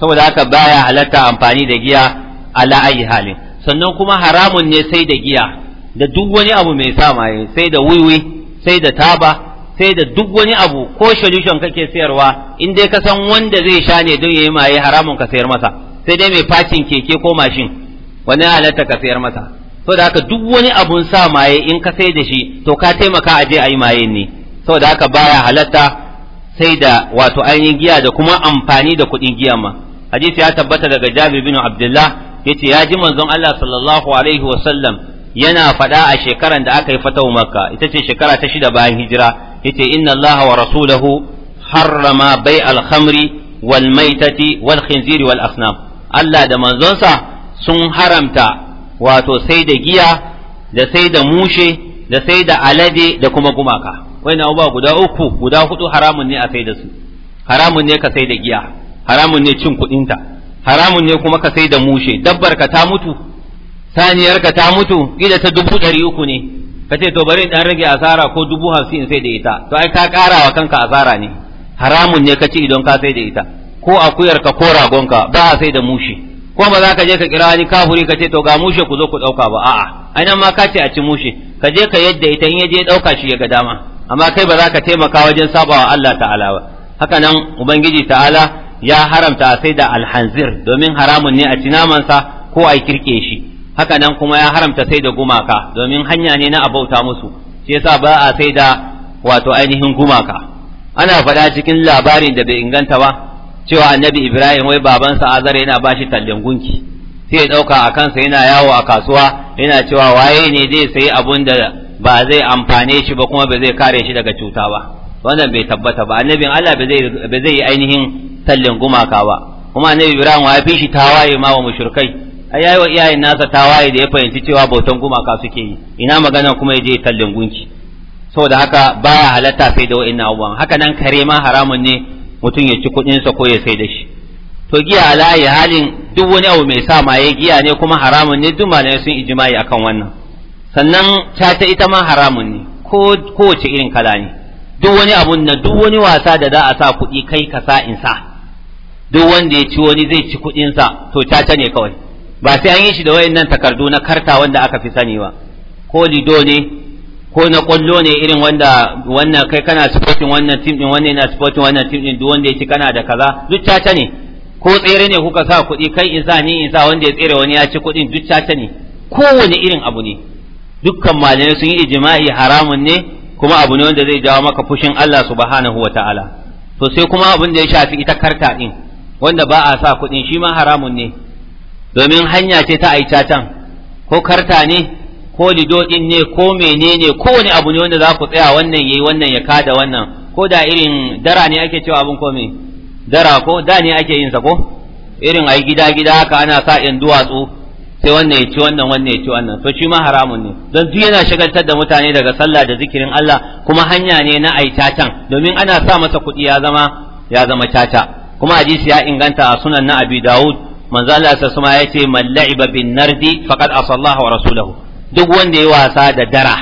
S2: saboda haka baya halatta amfani da giya ala ayi halin sannan kuma haramun ne sai da giya da duk wani abu mai sa maye sai da wiwi sai da taba sai da duk wani abu ko solution kake sayarwa in dai ka san wanda zai sha ne don yayi maye haramun ka sayar masa sai dai mai facin keke ko mashin wani halatta ka sayar masa da haka duk wani abun sa maye in ka sai da shi to ka taimaka a je a yi maye ne da haka baya halatta sai da wato ainihin giya da kuma amfani da kuɗin giya ma hadisi ya tabbata daga Jabir bin Abdullah yace ya ji manzon Allah sallallahu alaihi wasallam yana fada a shekaran da aka yi fatahu makka ita ce shekara ta shida bayan hijira yace inna allaha wa rasulahu harrama bai al-khamri wal maitati wal khinziri wal asnam Allah da manzonsa sun haramta wato sai da giya da sai da mushe da sai da alade da kuma gumaka wannan abubuwa guda uku guda hudu haramun ne a sai da su haramun ne ka sai da giya haramun ne cin kuɗinta haramun ne kuma ka sai da mushe dabbar ka ta mutu saniyar ka ta mutu ida ta dubu ɗari uku ne ka ce to bari dan rage asara ko dubu hamsin in sai da ita to ai ka ƙara wa kanka asara ne haramun ne ka ci idan ka sai da ita ko akuyar ka ko ragonka ba a sai da mushi ko ba za ka je ka kira wani kafuri ka ce to ga mushe ku zo ku ɗauka ba a'a anan ma kace a ci mushe ka je ka yadda ita in ya je ɗauka shi ya ga dama amma kai ba za ka taimaka wajen sabawa Allah ta'ala ba haka nan ubangiji ta'ala ya haramta sai da alhanzir domin haramun ne a ci namansa ko a kirke shi haka nan kuma ya haramta sai da gumaka domin hanya ne na abauta musu shi yasa ba a sai da wato ainihin gumaka ana faɗa cikin labarin da bai inganta ba cewa annabi ibrahim wai babansa azar yana ba shi tallin gunki sai ya ɗauka a kansa yana yawo a kasuwa yana cewa waye ne zai sayi abun da ba zai amfane shi ba kuma ba zai kare shi daga cuta ba wannan bai tabbata ba annabin allah ba zai yi ainihin tallin gumaka ba kuma annabi ibrahim wa fi shi tawaye ma wa mushrikai yayi wa iyayen nasa tawaye da ya fahimci cewa bautan gumaka suke yi ina magana kuma ya je tallan gunki saboda haka baya halatta sai da wa'annan abubuwan haka nan kare ma haramun ne mutum ya ci kuɗin sa ko ya sai da shi to giya alayi halin duk wani abu mai sa ma yayi giya ne kuma haramun ne duk malamai sun ijma'i akan wannan sannan cata ita ma haramun ne ko kowace irin kala ne duk wani abun na duk wani wasa da za a sa kuɗi kai ka sa in sa duk wanda ya ci wani zai ci kuɗinsa to caca ne kawai ba sai an yi shi da wayannan takardu na karta wanda aka fi sani ba ko lido ne ko na kwallo ne irin wanda wannan kai kana supporting wannan team din wannan yana supporting wannan team din duk wanda yake kana da kaza duk caca ne ko tsere ne kuka sa kuɗi kai in sa ni in sa wanda ya tsere wani ya ci kuɗin duk ne kowane irin abu ne dukkan malamai sun yi ijma'i haramun ne kuma abu ne wanda zai jawo maka fushin Allah subhanahu wataala to sai kuma abin da ya shafi ita karta din wanda ba a sa kuɗin shi ma haramun ne domin hanya ce ta can ko karta ne ko lido din ne ko menene ko wani abu ne wanda za ku tsaya wannan yayi wannan ya kada wannan ko da irin dara ne ake cewa abun komai dara ko da ne ake yin sa ko irin ai gida gida haka ana sa in duwatsu sai wannan ya ci wannan wannan ya ci wannan to shi ma haramun ne don duk yana shagaltar da mutane daga sallah da zikirin Allah kuma hanya ne na can domin ana sa masa kuɗi ya zama ya zama caca kuma hadisi ya inganta a sunan na Abi Dawud manzo Allah sassuma ya ce man la'iba bin nardi faqad asallahu wa rasulahu duk wanda ya wasa da dara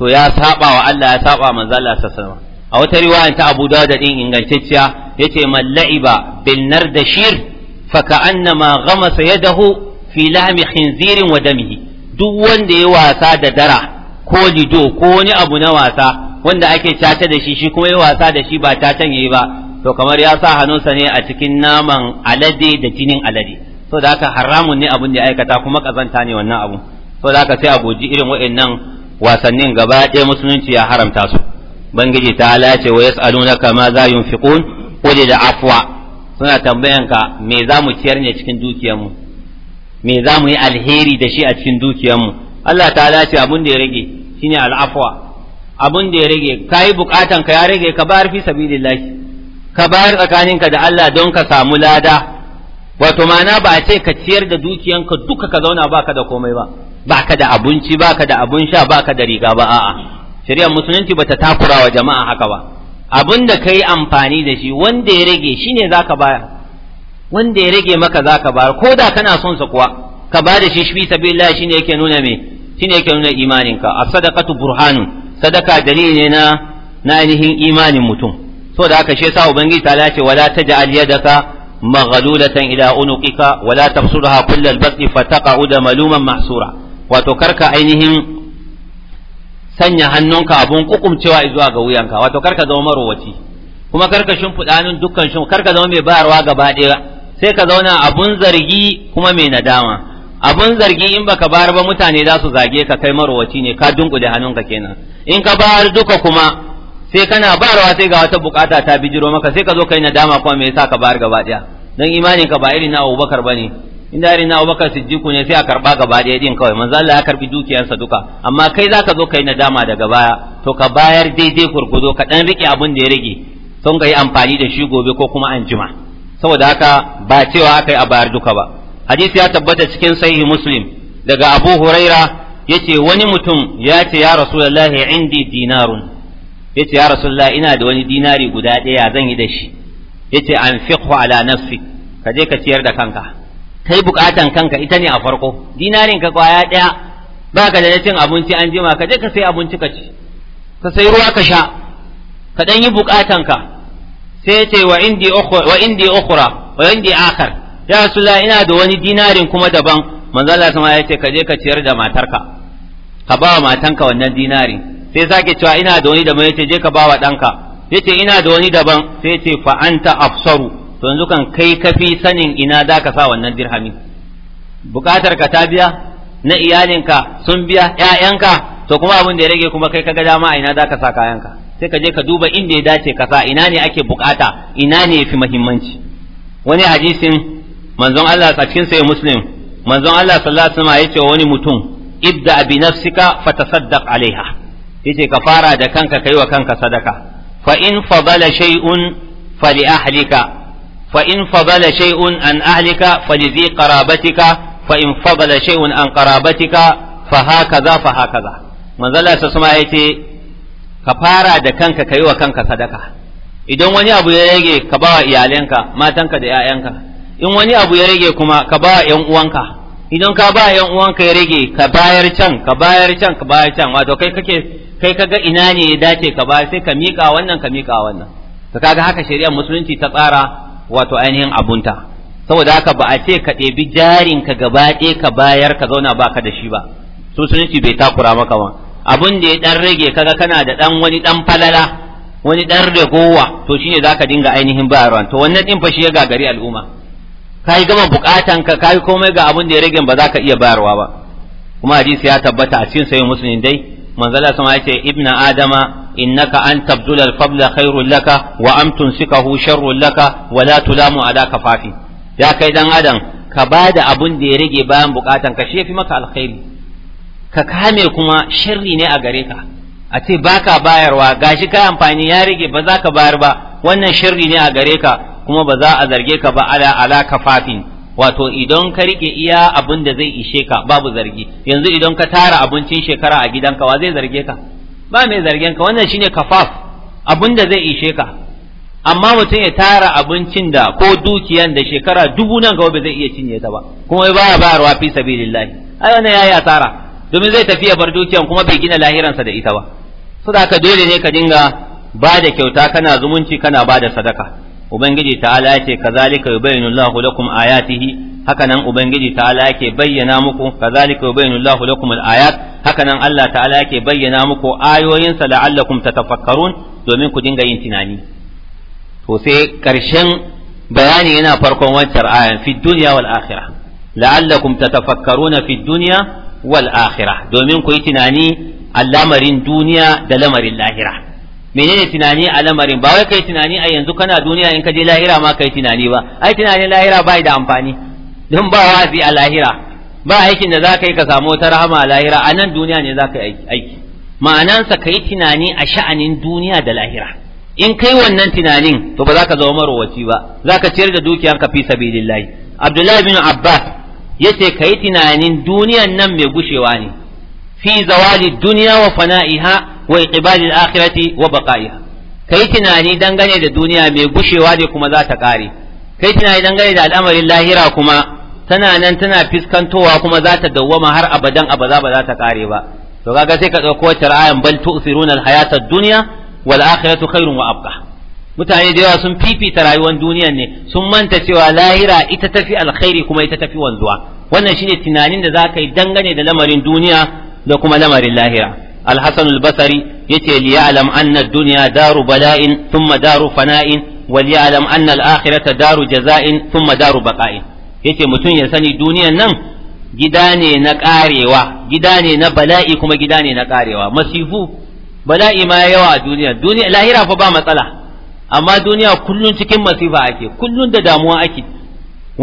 S2: to ya saba wa Allah ya saba manzo Allah sassuma a wata riwaya ta Abu Dawud din ingantacciya yace man la'iba bin nardashir faka'annama ghamasa yadahu fi lahmi khinzirin wa damihi duk wanda ya wasa da dara ko lido ko wani abu na wasa wanda ake caca da shi shi kuma ya wasa da shi ba catan yayi ba to kamar ya sa hannunsa ne a cikin naman alade da jinin alade so da haka haramun ne abun da aikata kuma kazanta ne wannan abu so da haka sai a goji irin wa'annan wasannin gaba ɗaya musulunci ya haramta su bangiji ta ce wa yas'alunaka ma za yunfiqun qul da afwa suna tambayanka me za mu ciyar ne cikin dukiyarmu me za mu yi alheri da shi a cikin dukiyarmu Allah ta ce abun da ya rage shine al'afwa abun da ya rage kai bukatan ka ya rage ka bar fi sabilillahi ka bayar tsakaninka da Allah don ka samu lada wato mana ba a ce ka ciyar da dukiyanka duka ka zauna baka da komai ba baka da abinci baka da abun sha baka da riga ba a'a shari'ar musulunci bata takura wa jama'a haka ba abin da kai amfani da shi wanda ya rage shine zaka bayar wanda ya rage maka zaka bayar ko da kana son sa kuwa ka ba da shi shi sabilillah shine yake nuna me shine yake nuna imaninka as-sadaqatu burhanun sadaka dalili ne na na ainihin imanin mutum so da aka shi yasa ubangiji ta lace wala taj'al yadaka maghlulatan ila unuqika wala tabsurha kullal basti fataqa'uda maluman mahsura wato karka ainihin sanya hannunka abun kukumcewa zuwa ga wuyanka wato karka zama marowaci kuma karka shimfiɗa hannun dukkan shimfiɗa karka zama mai bayarwa gaba ɗaya sai ka zauna abun zargi kuma mai nadama abun zargi in baka bayar ba mutane za su zage ka kai marowaci ne ka dunƙule hannunka kenan in ka bayar duka kuma sai kana barawa sai ga wata bukata ta bijiro maka sai ka zo kai nadama kuma me yasa ka bayar gaba daya dan imanin ka ba irin na Abubakar bane inda irin na Abubakar Siddiku ne sai a karba gaba daya din kawai manzo Allah ya karbi dukiyarsa duka amma kai zaka zo kai nadama daga baya to ka bayar daidai kurkudo ka dan rike abin da ya rage sun ga yi amfani da shi gobe ko kuma an jima saboda haka ba cewa akai a bayar duka ba hadisi ya tabbata cikin sahihi muslim daga abu huraira yace wani mutum ya ce ya rasulullahi indi dinarun yace ya rasulullah ina da wani dinari guda ɗaya zan yi da shi yace anfiqhu ala nafsi ka je ka ciyar da kanka kai bukatan kanka ita ne a farko dinarin ka kwaya ɗaya baka da cin abinci an jima ka je ka sai abinci ka ci ka sai ruwa ka sha ka dan yi bukatan ka sai yace wa indi ukhra wa indi ukhra wa indi akhar ya rasulullah ina da wani dinarin kuma daban manzo Allah ya ce ka je ka ciyar da matarka ka ba wa matanka wannan dinarin sai sake cewa ina da wani daban yace je ka bawa danka yace ina da wani daban sai yace fa anta afsaru to yanzu kan kai kafi sanin ina za ka sa wannan dirhami bukatar ka ta biya na iyalinka sun biya ƴaƴanka to kuma abin da ya rage kuma kai kaga dama a ina za ka sa kayanka sai ka je ka duba inda ya dace ka sa ina ne ake bukata ina ne yafi muhimmanci wani hadisin manzon Allah a cikin sai muslim manzon Allah sallallahu alaihi wasallam yace wani mutum ibda bi nafsika fatasaddaq alaiha yace ka fara da kanka kai wa kanka sadaka fa in fadala shay'un fali ahlika fa in fadala shay'un an ahlika fali qarabatika fa in fadala shay'un an qarabatika fa hakaza fa hakaza manzala sa suma yace ka fara da kanka kai wa kanka sadaka idan wani abu ya rage ka ba iyalenka iyalanka matanka da 'ya'yanka in wani abu ya rage kuma ka ba 'yan uwanka idan ka ba yan uwanka ya rage ka bayar can ka bayar can ka bayar can wato kai kake kai kaga ina ne ya dace ka ba sai ka mika wannan ka miƙa wannan to kaga haka shari'ar musulunci ta tsara wato ainihin abunta saboda haka ba a ce ka ɗebi jarin ka gaba ɗaya ka bayar ka zauna ba ka da shi ba musulunci bai takura maka ba abun da ya dan rage kaga kana da dan wani dan falala wani dan ragowa to shine zaka dinga ainihin bayarwa to wannan din fa shi ya gagari al'umma kai gama bukatan ka kai komai ga abun da ya rage ba zaka iya bayarwa ba kuma hadisi ya tabbata a cikin sayyid musulmin dai manzala sama yace ibna adama innaka an tabdula al-fadla khairul laka wa am tunsikahu sharrul laka wa la tulamu ala kafafi ya kai dan adam ka bada abun da ya rage bayan bukatan ka shi maka alkhairi ka kame kuma sharri ne a gare ka a ce baka bayarwa gashi kai amfani ya rage ba za ka bayar ba wannan sharri ne a gare ka kuma ba za a zarge ka ba ala ala kafafin wato idan ka rike iya abin da zai ishe ka babu zargi yanzu idan ka tara abincin shekara a gidanka wa zai zarge ka ba mai zargen ka wannan shine kafaf abin da zai ishe ka amma mutum ya tara abincin da ko dukiyan da shekara dubu nan gaba zai iya cinye ta ba kuma baya bayarwa fi sabilillahi ai wannan yayi asara domin zai tafi ya bar dukiyan kuma bai gina lahiransa da ita ba saboda haka dole ne ka dinga ba da kyauta kana zumunci kana bada sadaka ubangiji ta'ala yace kazalika yubayyinu Allahu lakum ayatihi hakanan ubangiji ta'ala ke bayyana muku kazalika yubayyinu Allahu lakum al-ayat hakanan Allah ta'ala ke bayyana muku ayoyinsa da ta tafakkarun domin ku dinga yin tunani to sai karshen bayani yana farkon wancan ayan fi dunya wal akhirah la'allakum tatafakkaruna fi duniya wal akhirah domin ku yi tunani al'amarin duniya da lamarin lahira menene tunani a lamarin ba wai kai tunani a yanzu kana duniya in ka je lahira ma kai tunani ba ai tunanin lahira bai da amfani don ba wazi a lahira ba aikin da za ka yi ka samu wata rahama a lahira a nan duniya ne za ka yi aiki ma'anansa ka yi tunani a sha'anin duniya da lahira in kai wannan tunanin to ba za ka zama marowaci ba za ka ciyar da ka fi sabilillahi abdullahi bin abbas ya ce ka yi tunanin duniyan nan mai gushewa ne fi zawali duniya wa fana'iha wa iqbalil akhirati wa baqaiha kai tunani dangane da duniya mai gushewa ne kuma za ta kare kai tunani dangane da al'amarin lahira kuma tana nan tana fiskantowa kuma za ta dawwama har abadan abaza ba za ta kare ba to kaga sai ka dauko wacce ra'ayin bal tu'siruna al-hayata ad-dunya wal akhiratu khairun wa abqa mutane da yawa sun fifita rayuwar duniyan ne sun manta cewa lahira ita tafi alkhairi kuma ita tafi wanzuwa wannan shine tunanin da za ka yi dangane da lamarin duniya da kuma lamarin lahira الحسن البصري يتي ليعلم أن الدنيا دار بلاء ثم دار فناء وليعلم أن الآخرة دار جزاء ثم دار بقاء يتي متون يسني دنيا نم جداني نكاريوا جداني نبلائي كما جداني نكاريوا مسيفو بلائي ما يوا دنيا دنيا لا هيرا فبا مطلع أما دنيا كلن تكن مسيفة أكي كلن دداموا أكي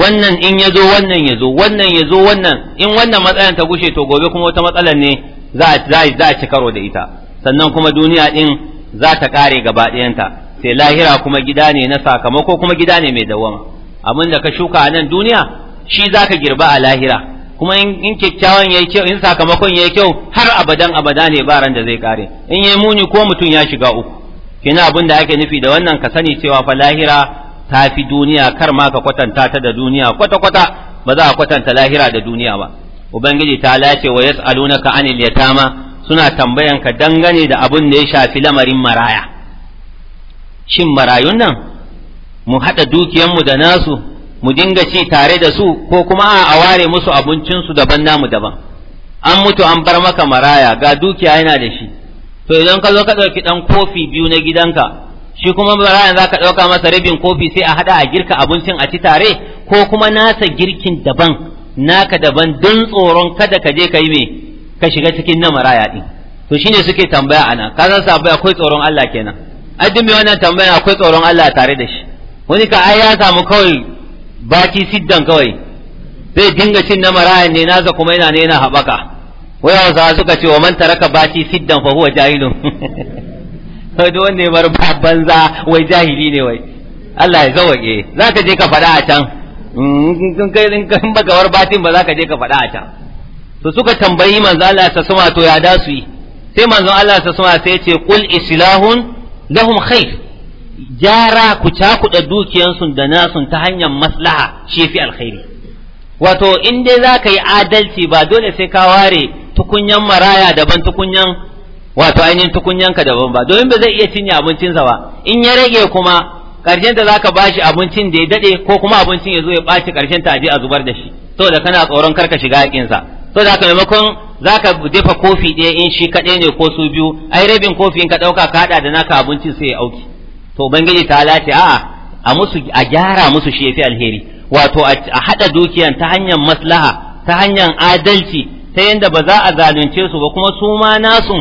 S2: wannan in ya zo wannan ya zo wannan ya zo wannan in wannan matsalan ta gushe to gobe kuma wata matsalan ne za a ci karo da ita sannan kuma duniya ɗin za ta kare gaba ɗayanta sai lahira kuma gida ne na sakamako kuma gida ne mai dawama abin da ka shuka a nan duniya shi za ka girba a lahira kuma in kyakkyawan yayi kyau in sakamakon yayi kyau har abadan abada ne ba ran da zai kare in yayi muni ko mutum ya shiga uku kina abin da ake nufi da wannan ka sani cewa fa lahira ta fi duniya kar ma ka kwatanta ta da duniya kwata kwata ba za a kwatanta lahira da duniya ba ubangiji ta lace wa yas'alunaka anil yatama suna tambayan ka dangane da abun da ya shafi lamarin maraya shin marayun nan mu haɗa dukiyanmu da nasu mu dinga ci tare da su ko kuma a ware musu abincinsu daban namu daban an mutu an bar maka maraya ga dukiya yana da shi to idan ka zo ka ɗauki ɗan kofi biyu na gidanka shi kuma maraya za ka ɗauka masa rabin kofi sai a haɗa a girka abincin a ci tare ko kuma nasa girkin daban naka daban don tsoron kada ka je ka yi me ka shiga cikin na maraya din to shine suke tambaya ana ka san sabai akwai tsoron Allah kenan addin mai wannan tambaya akwai tsoron Allah tare da shi wani ka ai ya samu kawai baki siddan kawai zai dinga cin na maraya ne nasa kuma yana ne yana haɓaka wai hausawa suka ce wa man taraka baki siddan fa huwa jahilun sai <laughs> duk wanda ya bar banza wai jahili ne wai Allah ya zawage zaka je ka fada a can Mm, in kai in kan war batin ba za ka je ka faɗa a can to suka tambayi manzo Allah ta suma to ya da sai manzo Allah ta suma sai ya ce qul islahun lahum khair jara ku cakuɗa dukiyansu da nasun ta hanyar maslaha shi fi alkhairi wato in dai za ka yi adalci ba dole sai ka ware tukunyan maraya daban tukunyan wato ainihin tukunyanka daban ba domin ba zai iya cinye abincinsa ba in ya rage kuma karshen da zaka bashi abincin da ya dade ko kuma abincin ya zo ya baci karshen ta aje a zubar da shi saboda kana tsoron karka shiga yakin sa saboda haka maimakon zaka dafa kofi ɗaya in shi kaɗai ne ko su biyu ai rabin kofi in ka ɗauka ka hada da naka abinci sai ya auki to ubangiji ta lace a'a a musu a gyara musu shi yafi alheri wato a haɗa dukiyan ta hanyar maslaha ta hanyar adalci ta yadda ba za a zalunce su ba kuma su ma nasu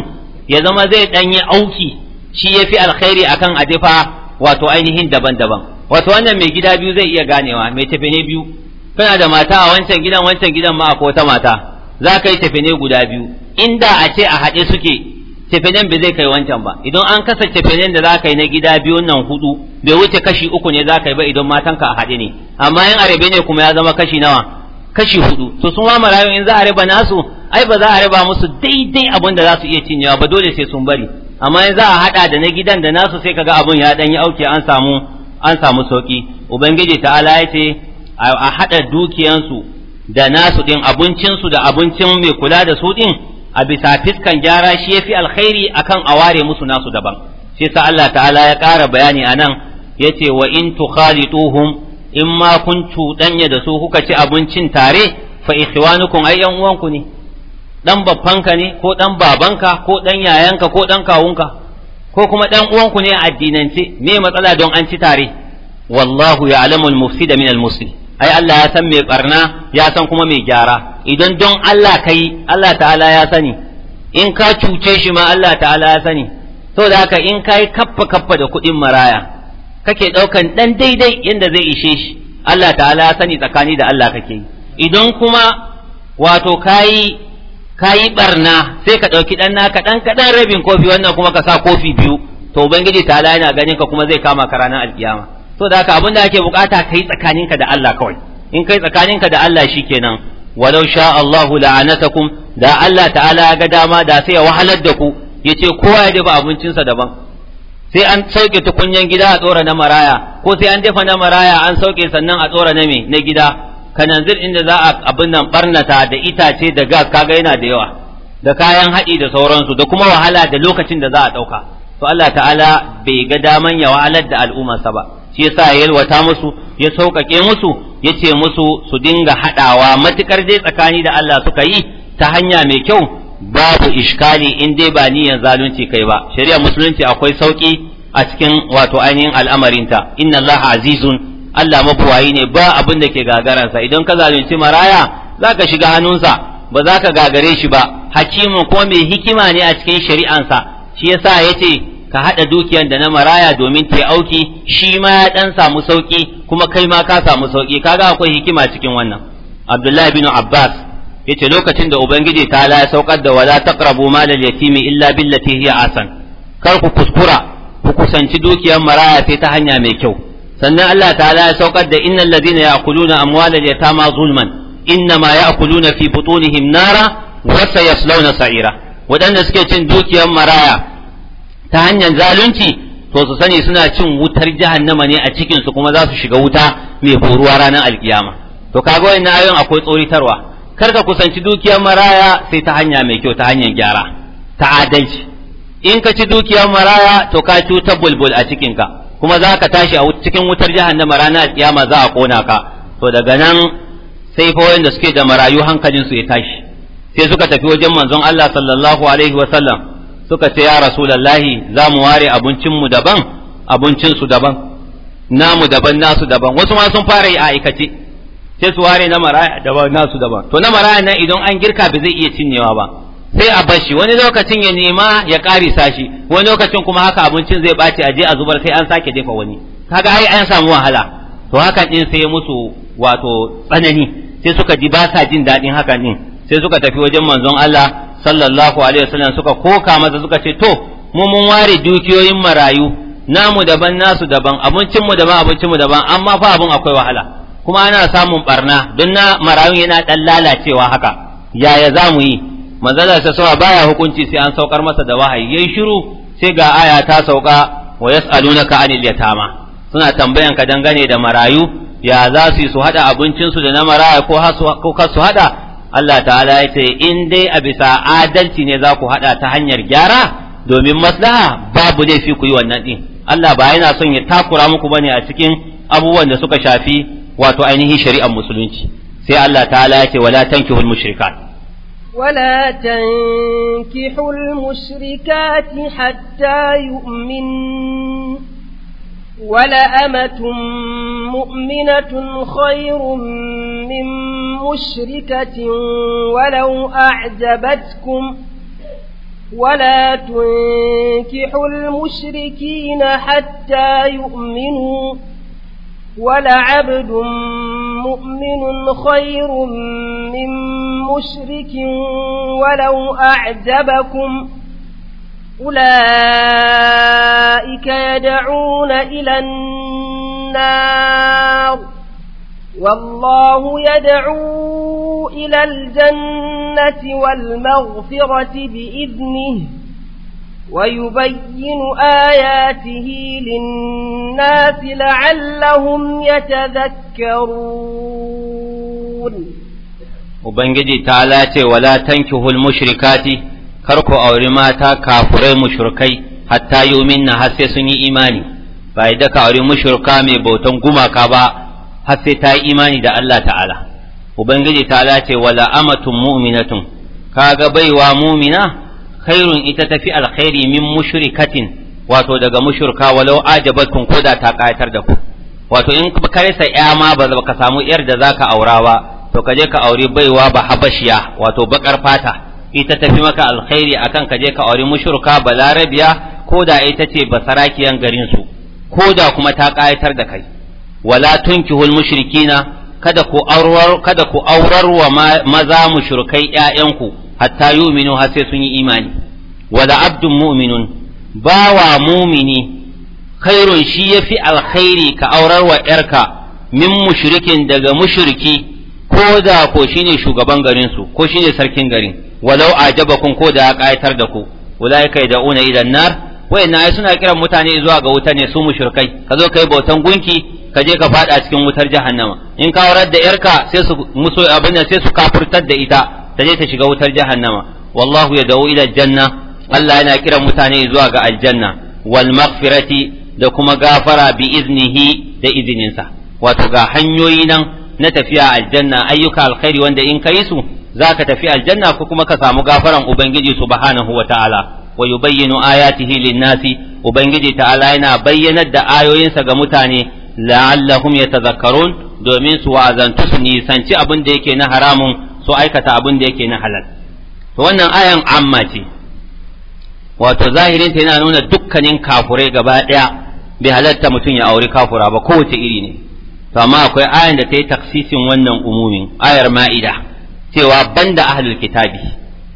S2: ya zama zai ɗanyi auki shi yafi alheri akan a jefa wato ainihin daban-daban wato wannan mai gida biyu zai iya ganewa mai tafene biyu kana da mata a wancan gidan wancan gidan ma ko wata mata za ka yi tafene guda biyu inda a ce a haɗe suke tafenen ba zai kai wancan ba idan an kasa tafenen da za ka yi na gida biyu nan hudu bai wuce kashi uku ne za ka yi ba idan matanka a haɗe ne amma in arabe ne kuma ya zama kashi nawa kashi hudu to sun ma marayu in za a riba nasu ai ba za a riba musu daidai abin da za su iya cinyewa ba dole sai sun bari amma in za a haɗa da na gidan da nasu sai kaga abun ya dan yi auke an samu an samu sauki ubangiji ta'ala ya ce a hada dukiyansu da nasu ɗin abincinsu da abincin mai kula da su ɗin a bisa fiskan gyara shi yafi alkhairi akan a ware musu nasu daban shi sa Allah ta'ala ya ƙara bayani anan yace wa in tukhalituhum in ma kun cuɗanya da su kuka ci abincin tare fa ikhwanukum ai yan uwanku ne Ɗan babbanka ne ko dan babanka ko dan yayanka ko dan kawunka ko kuma dan uwanku ne a addinance me matsala don an ci tare wallahu ya'lamu al-mufsida min al ai Allah ya san mai barna ya san kuma mai gyara idan don Allah kai Allah ta'ala ya sani in ka cuce shi ma Allah ta'ala ya sani to da haka in kai kaffa kaffa da kuɗin maraya kake ɗaukan ɗan daidai yadda zai ishe shi Allah ta'ala ya sani tsakani da Allah kake idan kuma wato kayi ka yi barna sai ka ɗauki ɗan naka ɗan kaɗan rabin kofi wannan kuma ka sa kofi biyu to ubangiji ta yana ganin ka kuma zai kama ka ranar alkiyama so da haka abin da ake bukata ka yi tsakaninka da Allah kawai in kai tsakaninka da Allah shikenan walau sha Allahu la'anatakum da Allah ta'ala ya ga dama da sai ya wahalar da ku yace kowa ya dafa abincinsa daban sai an sauke tukunyan gida a tsora na maraya ko sai an dafa na maraya an sauke sannan a tsora na me na gida kananzir inda za a abin nan barnata da itace da gas kaga yana da yawa da kayan haɗi da sauransu da kuma wahala da lokacin da za a ɗauka to Allah ta'ala bai ga daman ya wahalar da al'ummarsa ba shi yasa ya yalwata musu ya sauƙaƙe musu ya ce musu su dinga haɗawa matuƙar dai tsakani da Allah suka yi ta hanya mai kyau babu ishkali in dai ba niyan zalunci kai ba shari'a musulunci akwai sauƙi a cikin wato ainihin al'amarinta inna Allah azizun Allah mabuwayi ne ba abin da ke gagaransa idan ka zalunci maraya za ka shiga hannunsa ba za ka gagare shi ba hakimin ko mai hikima ne a cikin shari'ansa shi yasa ya ce ka haɗa dukiyar da na maraya domin ta auki shi ma ya ɗan samu sauƙi kuma kai ma ka samu sauƙi kaga akwai hikima cikin wannan abdullahi bin abbas ya ce lokacin da ubangiji ta ya saukar da wala taqrabu malal yatimi illa billati hiya asan kar ku kuskura ku kusanci dukiyar maraya sai ta hanya mai kyau sannan Allah ta'ala ya saukar da innal ladina ya'kuluna amwalal yatama zulman innama ya'kuluna fi butunihim nara wa sayaslawna sa'ira wadanda suke cin dukiyar maraya ta hanyar zalunci to su sani suna cin wutar jahannama ne a cikin su kuma za su shiga wuta mai horuwa ranar alkiyama to kaga wannan ayoyin akwai tsoritarwa kar ka kusanci dukiyar maraya sai ta hanya mai kyau ta hanyar gyara ta adalci in ka ci dukiyar maraya to ka cutar bulbul a cikinka kuma za ka tashi a cikin wutar jahannama ranar kiyama za a kona ka to daga nan sai fa wanda suke da marayu hankalin su ya tashi sai suka tafi wajen manzon Allah sallallahu alaihi wa sallam suka ce ya rasulullahi za mu ware abincin mu daban abincin su daban namu daban nasu daban wasu ma sun fara yi a aikace sai su ware na maraya daban nasu daban to na maraya nan idan an girka ba zai iya cinyewa ba sai a bashi wani lokacin ya nema ya karisa sashi wani lokacin kuma haka abincin zai baci a je a zubar sai an sake jefa wani kaga ai an samu wahala to hakan din sai musu wato tsanani sai suka ji ba sa jin daɗin hakan din sai suka tafi wajen manzon Allah sallallahu alaihi wasallam suka koka masa suka ce to mu mun ware dukiyoyin marayu namu daban nasu daban abincin mu daban abincin mu daban amma fa abun akwai wahala kuma ana samun barna don na marayun yana dan lalacewa haka yaya za mu yi manzala sa sama baya hukunci sai an saukar masa da wahayi yayi shiru sai ga aya ta sauka wa yas'alunaka anil yatama suna tambayan ka dangane da marayu ya za su su hada abincin su da na maraya ko ko su hada Allah ta'ala ya ce in dai a bisa adalci ne za ku hada ta hanyar gyara domin maslaha babu laifi ku yi wannan din Allah ba yana son ya takura muku bane a cikin abubuwan da suka shafi wato ainihin shari'ar musulunci sai Allah ta'ala ya ce wala tankihul mushrikat
S1: ولا تنكحوا المشركات حتى يؤمن ولأمة مؤمنة خير من مشركة ولو أعجبتكم ولا تنكحوا المشركين حتى يؤمنوا ولعبد مؤمن خير من مشرك ولو أعجبكم أولئك يدعون إلى النار والله يدعو إلى الجنة والمغفرة بإذنه ويبين آياته للناس لعلهم يتذكرون
S2: Ubangiji ta lace wala tankihul mushrikati kar ku auri mata kafurai mushrikai hatta yumin na har sai sun yi imani ba idan ka auri mushrika mai bautan gumaka ba har sai ta yi imani da Allah ta'ala Ubangiji ta lace wala amatun mu'minatun kaga baiwa mu'mina khairun ita tafi alkhairi min mushrikatin wato daga mushrika walau ajabatkum ko da ta kayatar da ku wato in ka rasa ya ma ba ka samu yar da zaka aura ba to ka je ka auri baiwa ba habashiya wato bakar fata ita tafi maka alkhairi akan ka je ka auri mushrika balarabiya ko da ita ce basarakiyan garin su ko da kuma ta kayatar da kai wala tunkihul mushrikina kada ku aurar kada ku aurar wa maza mushrikai ƴaƴanku hatta yu'minu har sai sun yi imani wala abdun mu'minun wa mumini khairun shi yafi alkhairi ka aurar wa yarka min mushrikin daga mushriki ko da ko shine shugaban garin su ko shine sarkin garin walau ajabakum ko da ya kayatar da ku da una idan nar wayanna na suna kiran mutane zuwa ga wuta ne su mushrikai ka zo kai bautan gunki ka je ka fada cikin wutar jahannama in ka aurar da yarka sai su muso abin sai su kafurtar da ita ta je ta shiga wutar jahannama wallahu ya dawo ila janna Allah yana kiran mutane zuwa ga aljanna wal maghfirati da kuma gafara bi iznihi da izininsa wato ga hanyoyi nan na tafiya aljanna ayyuka alkhairi wanda in kai su zaka tafi aljanna ko kuma ka samu gafaran ubangiji subhanahu wataala wa yubayyinu ayatihi lin ubangiji ta'ala yana bayyanar da ayoyinsa ga mutane la'allahum yatadhakkarun domin su wazantu su nisanci abin da yake na haramun su aikata abin da yake na halal to wannan ayan amma ce wato zahirin ta yana nuna dukkanin kafurai gaba daya bai halatta mutum ya auri kafura ba kowace iri ne to amma akwai ayan da ta yi taksisin wannan umumin ayar ma'ida cewa banda ahlul kitabi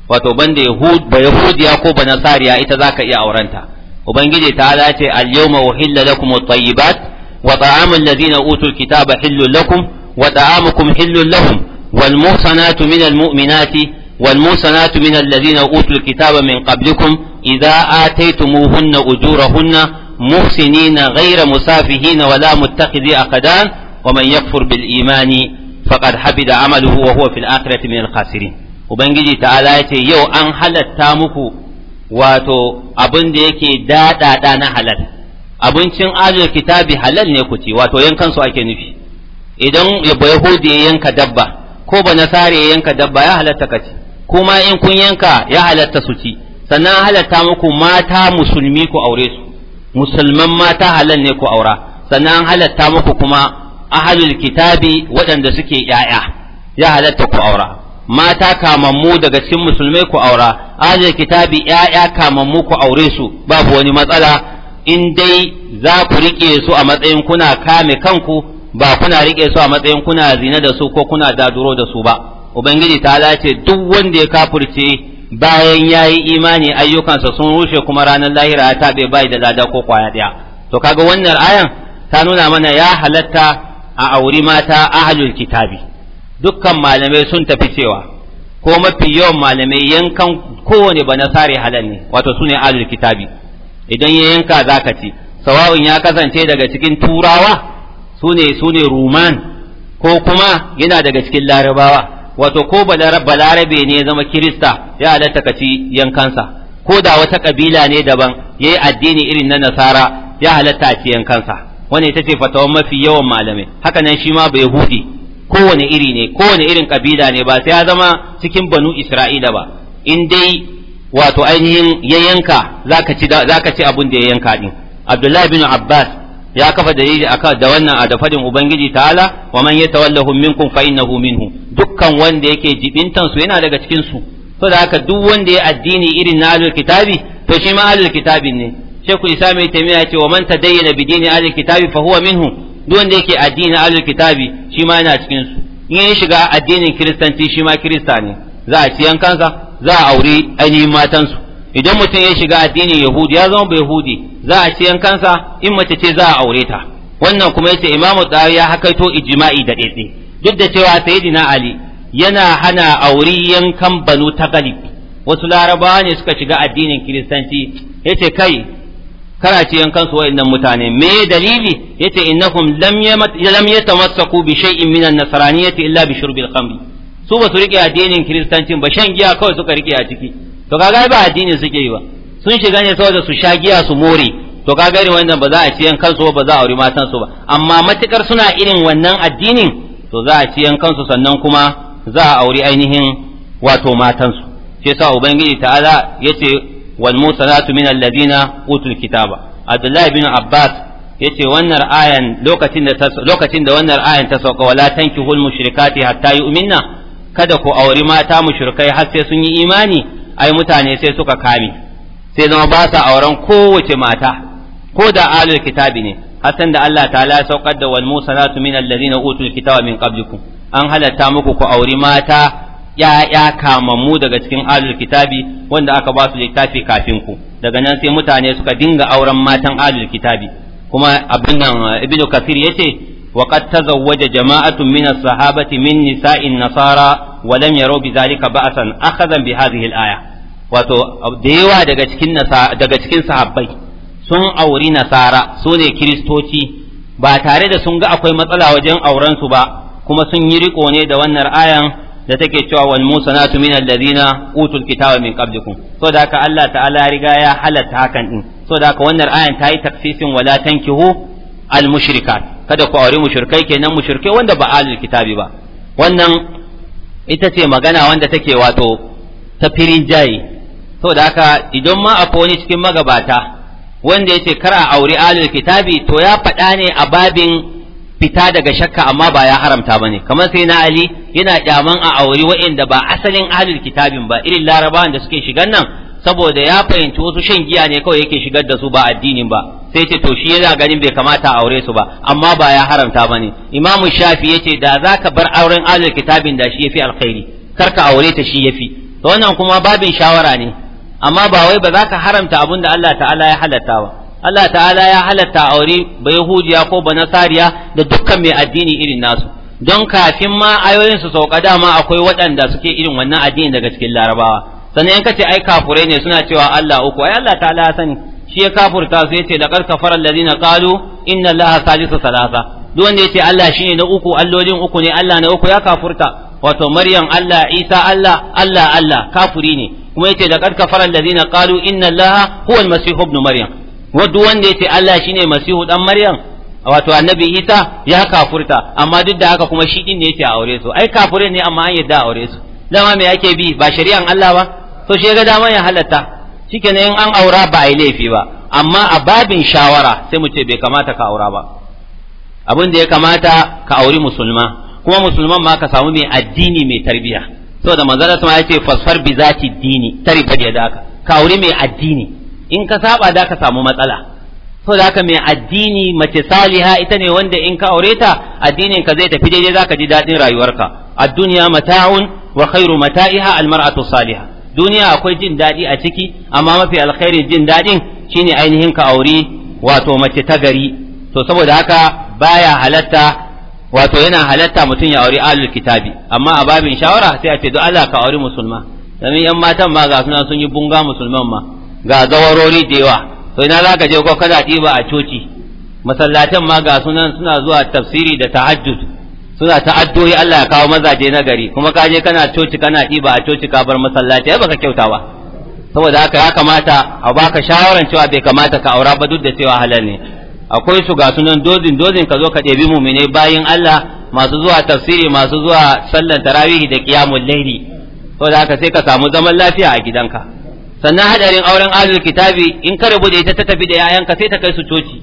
S2: wato banda yahud ba yahudiya ko ba nasariya ita zaka iya aurenta ubangiji ta dace al-yawma uhilla lakum at-tayyibat wa ta'amul ladina utul kitaba hillul lakum wa ta'amukum hillul lahum والمحصنات من المؤمنات والمحصنات من الذين أوتوا الكتاب من قبلكم إذا آتيتموهن أجورهن محسنين غير مسافهين ولا متخذي أقدان ومن يكفر بالإيمان فقد حبد عمله وهو في الآخرة من الخاسرين وبنجي تعالى يو أن حلت تامكو واتو أبن ديكي دا دا دا نحلت abincin ajiyar kitabi halal ne ku ci wato yankan su ake nufi idan yabo yahudi ya yanka dabba ko ba nasare ya yanka dabba ya halatta kaci kuma in kun yanka ya halatta su ci sannan halatta muku mata musulmi ku aure su musulman mata halal ne ku aura sannan halatta muku kuma ahalul kitabi waɗanda suke yaya ya halatta ku aura mata kamammu daga cikin musulmai ku aura ahlul kitabi ya'ya kamammu ku aure su babu wani matsala in dai za ku rike su a matsayin kuna kame kanku ba kuna rike su a matsayin kuna zina da su ko kuna daduro da su ba ubangiji ta lace duk wanda ya kafurce bayan yayi imani ayyukansa sun rushe kuma ranar lahira ya tabe bai da lada ko kwaya daya to kaga wannan ayan ta nuna mana ya halatta a auri mata ahlul kitabi dukkan malamai sun tafi cewa ko mafi yawan malamai yankan kowane ba nasare halal ne wato sune ahlul kitabi idan ya yanka zaka ci sawa'un ya kasance daga cikin turawa sune sune ruman ko kuma yana daga cikin larabawa wato ko balarabe ne ya zama kirista ya halatta ka ci yankansa ko da wata kabila ne daban ya yi addini irin na nasara ya halatta a ci yankansa wani ita ce fatawan mafi yawan malamai haka nan shi ma bai hudi kowane iri ne kowane irin kabila ne ba sai ya zama cikin banu isra'ila ba in dai wato ainihin ya yanka zaka ci abun da ya yanka din abdullahi bin abbas ya kafa dalili akan da wannan a da ubangiji ta'ala wa man yatawallahu minkum fa innahu minhu dukkan wanda yake jibintan su yana daga cikin su to da haka duk wanda ya addini irin na ahlul kitabi to shi ma ahlul ne sheku isa mai taymiya ce wa man tadayyana bi dini ahlul kitabi fa huwa minhu duk wanda yake addini ahlul kitabi shi ma yana cikin su in ya shiga addinin kiristanci shi ma kirista ne za a ci yankansa za a aure ainihin matansu idan mutum ya shiga addinin yahudi ya zama bai yahudi za a ce yankansa in mace ce za a aure ta wannan kuma ya yace imamu tsari ya hakaito ijma'i da ɗaiɗe duk da cewa sayyidina ali yana hana aure yankan banu ta wasu larabawa ne suka shiga addinin kiristanci yace kai kana ce yankan su wa'annan mutane me dalili yace innahum lam lam yatamassaku bi shay'in min an-nasraniyyati illa bi shurbil khamr su basu su addinin kiristancin ba shan giya kawai suka rike a ciki to kaga ba addini suke yi ba sun shiga ne saboda su sha giya su more to kaga irin wannan ba za a ci kansu ba za a auri matan su ba amma matukar suna irin wannan addinin to za a ci kansu sannan kuma za a auri ainihin wato matan su shi yasa ubangiji ta'ala yace wal musanatu min alladina utul kitaba abdullahi bin abbas yace wannan ayan lokacin da lokacin da wannan ayan ta sauka wala tankihul mushrikati hatta yu'minna kada ku auri mata mushrikai har sai sun yi imani ai mutane sai suka kame sai zama ba sa auren kowace mata ko da alul kitabi ne hasan da Allah Ta ya saukar da wal musanatu min alladhina utul kitaba min qablikum an halatta muku ku auri mata ya'ya kamammu daga cikin alul kitabi wanda aka ba su littafi kafin ku daga nan sai mutane suka dinga auren matan alul kitabi kuma abin nan ibnu kafir yace وقد تزوج جماعة من الصحابة من نساء النصارى ولم يروا بذلك بأسا أخذا بهذه الآية wato da yawa daga cikin sahabbai sun auri nasara su ne kiristoci ba tare da sun ga akwai matsala wajen aurensu ba kuma sun yi riko ne da wannan ayan da take cewa wal musanatu min alladhina utul kitaba min qablikum so da haka Allah ta'ala riga ya halatta hakan din so da haka wannan ayan ta yi taksisin wala tankihu al mushrikat kada ku aure mushrikai kenan mushrikai wanda ba alil kitabi ba wannan ita ce magana wanda take wato ta firin jayi saboda haka idan ma akwai wani cikin magabata wanda yace kar a aure alil kitabi to ya faɗa ne a babin fita daga shakka amma ba ya haramta bane kamar sai na ali yana kyaman a auri wa'inda ba asalin ahlul kitabin ba irin larabawan da suke shigan nan saboda ya fahimci wasu shan giya ne kawai yake shigar da su ba addinin ba sai ce to shi yana ganin bai kamata a aure su ba amma ba ya haramta ba ne imamu shafi ya ce da za ka bar auren alil kitabin da shi ya fi alkhairi kar ka aure ta shi ya fi to wannan kuma babin shawara ne amma ba wai ba za ka haramta abin da Allah ta'ala ya halatta ba Allah ta'ala ya halatta aure ba yahudiya ko ba nasariya da dukkan mai addini irin nasu don kafin ma ayoyin su sauka dama akwai waɗanda suke irin wannan addini daga cikin larabawa sannan in ka ce ai kafurai ne suna cewa Allah uku ai Allah ta'ala ya sani shi ya kafurta su yace laqad kafara alladhina qalu inna allaha salisu salasa duk wanda ya ce Allah shine na uku allolin uku ne Allah na uku ya kafurta wato maryam Allah isa Allah Allah Allah kafuri ne kuma yace laqad kafara alladhina qalu inna allaha huwa almasih ibn maryam Duk wanda ya ce Allah shine masihu dan maryam wato annabi isa ya kafurta amma duk da haka kuma shi din ne yace aure su ai kafure ne amma an yadda aure su dama me ake bi ba shari'an Allah ba to shi ga dama ya halatta cike ne in an aura ba a yi laifi ba amma a babin shawara sai mu ce bai kamata ka aura ba abin da ya kamata ka auri musulma kuma musulman ma ka samu mai addini mai tarbiya saboda manzala sama ya ce fasfar bi zati dini tarifa da daka ka auri mai addini in ka saba da ka samu matsala saboda haka mai addini mace saliha ita ne wanda in ka aure ta addinin ka zai tafi daidai zaka ji daɗin rayuwarka addunya duniya mata'un wa khairu mata'iha al-mar'atu salihah duniya akwai jin daɗi a ciki amma mafi alkhairi jin daɗin shine ainihin ka aure wato mace ta gari to saboda haka baya halatta wato yana halatta mutum ya auri alulkitabi kitabi amma a babin shawara sai a ce duk Allah ka aure musulma domin yan matan ma ga suna sun yi bunga musulman ma ga zawarori da yawa to ina za ka je ko kada ɗiba a coci masallatan ma ga sunan suna zuwa tafsiri da tahajjud suna ta addu'o'i Allah ya kawo mazaje na gari kuma ka je kana coci kana ɗiba a coci ka bar masallaci ai baka kyauta ba saboda haka ya kamata a baka shawaran cewa bai kamata ka aura ba duk da cewa halal ne akwai su ga sunan dozin dozin ka zo ka ɗebi mumine bayin Allah masu zuwa tafsiri masu zuwa sallan tarawihi da qiyamul laili saboda haka sai ka samu zaman lafiya a gidanka sannan hadarin auren ahlul kitabi in ka rubuta ita ta tafi da yayanka sai ta kai su coci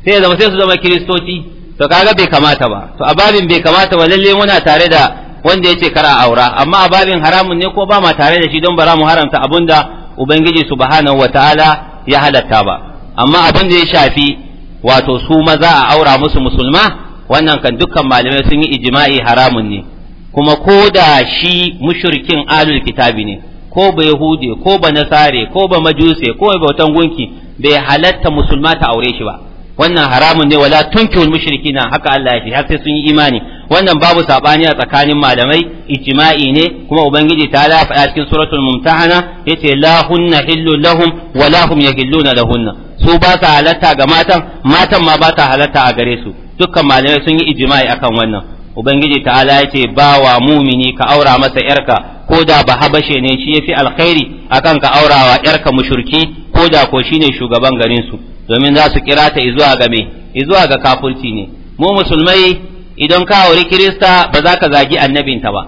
S2: sai ya zama sai su zama kiristoci to kaga bai kamata ba to ababin bai kamata ba lalle muna tare da wanda yake kara aura amma ababin haramun ne ko ba ma tare da shi don bara mu haramta abunda ubangiji subhanahu wataala ya halatta ba amma abin da ya shafi wato su maza a aura musu musulma wannan kan dukkan malamai sun yi ijma'i haramun ne kuma ko da shi mushrikin alul kitabi ne ko ba yahude ko ba nasare ko ba majuse ko bautan gunki bai halatta musulma ta aure shi ba wannan haramun ne wala tunkihul mushrikina haka Allah ya ce har sai sun yi imani wannan babu sabani a tsakanin malamai ijma'i ne kuma ubangiji ta la faɗa cikin suratul mumtahana yace la hunna hillu lahum wala hum yahilluna lahunna su ba sa halatta ga matan matan ma ba ta halatta a gare su dukkan malamai sun yi ijma'i akan wannan ubangiji ta'ala yace ba wa mumini ka aura masa yarka ko da ba habashe ne shi yafi alkhairi akan ka wa yarka mushirki ko da ko shine shugaban garin su domin za su kira ta izuwa ga me izuwa ga kafurci ne mu musulmai idan ka auri kirista ba za ka zagi annabin ta ba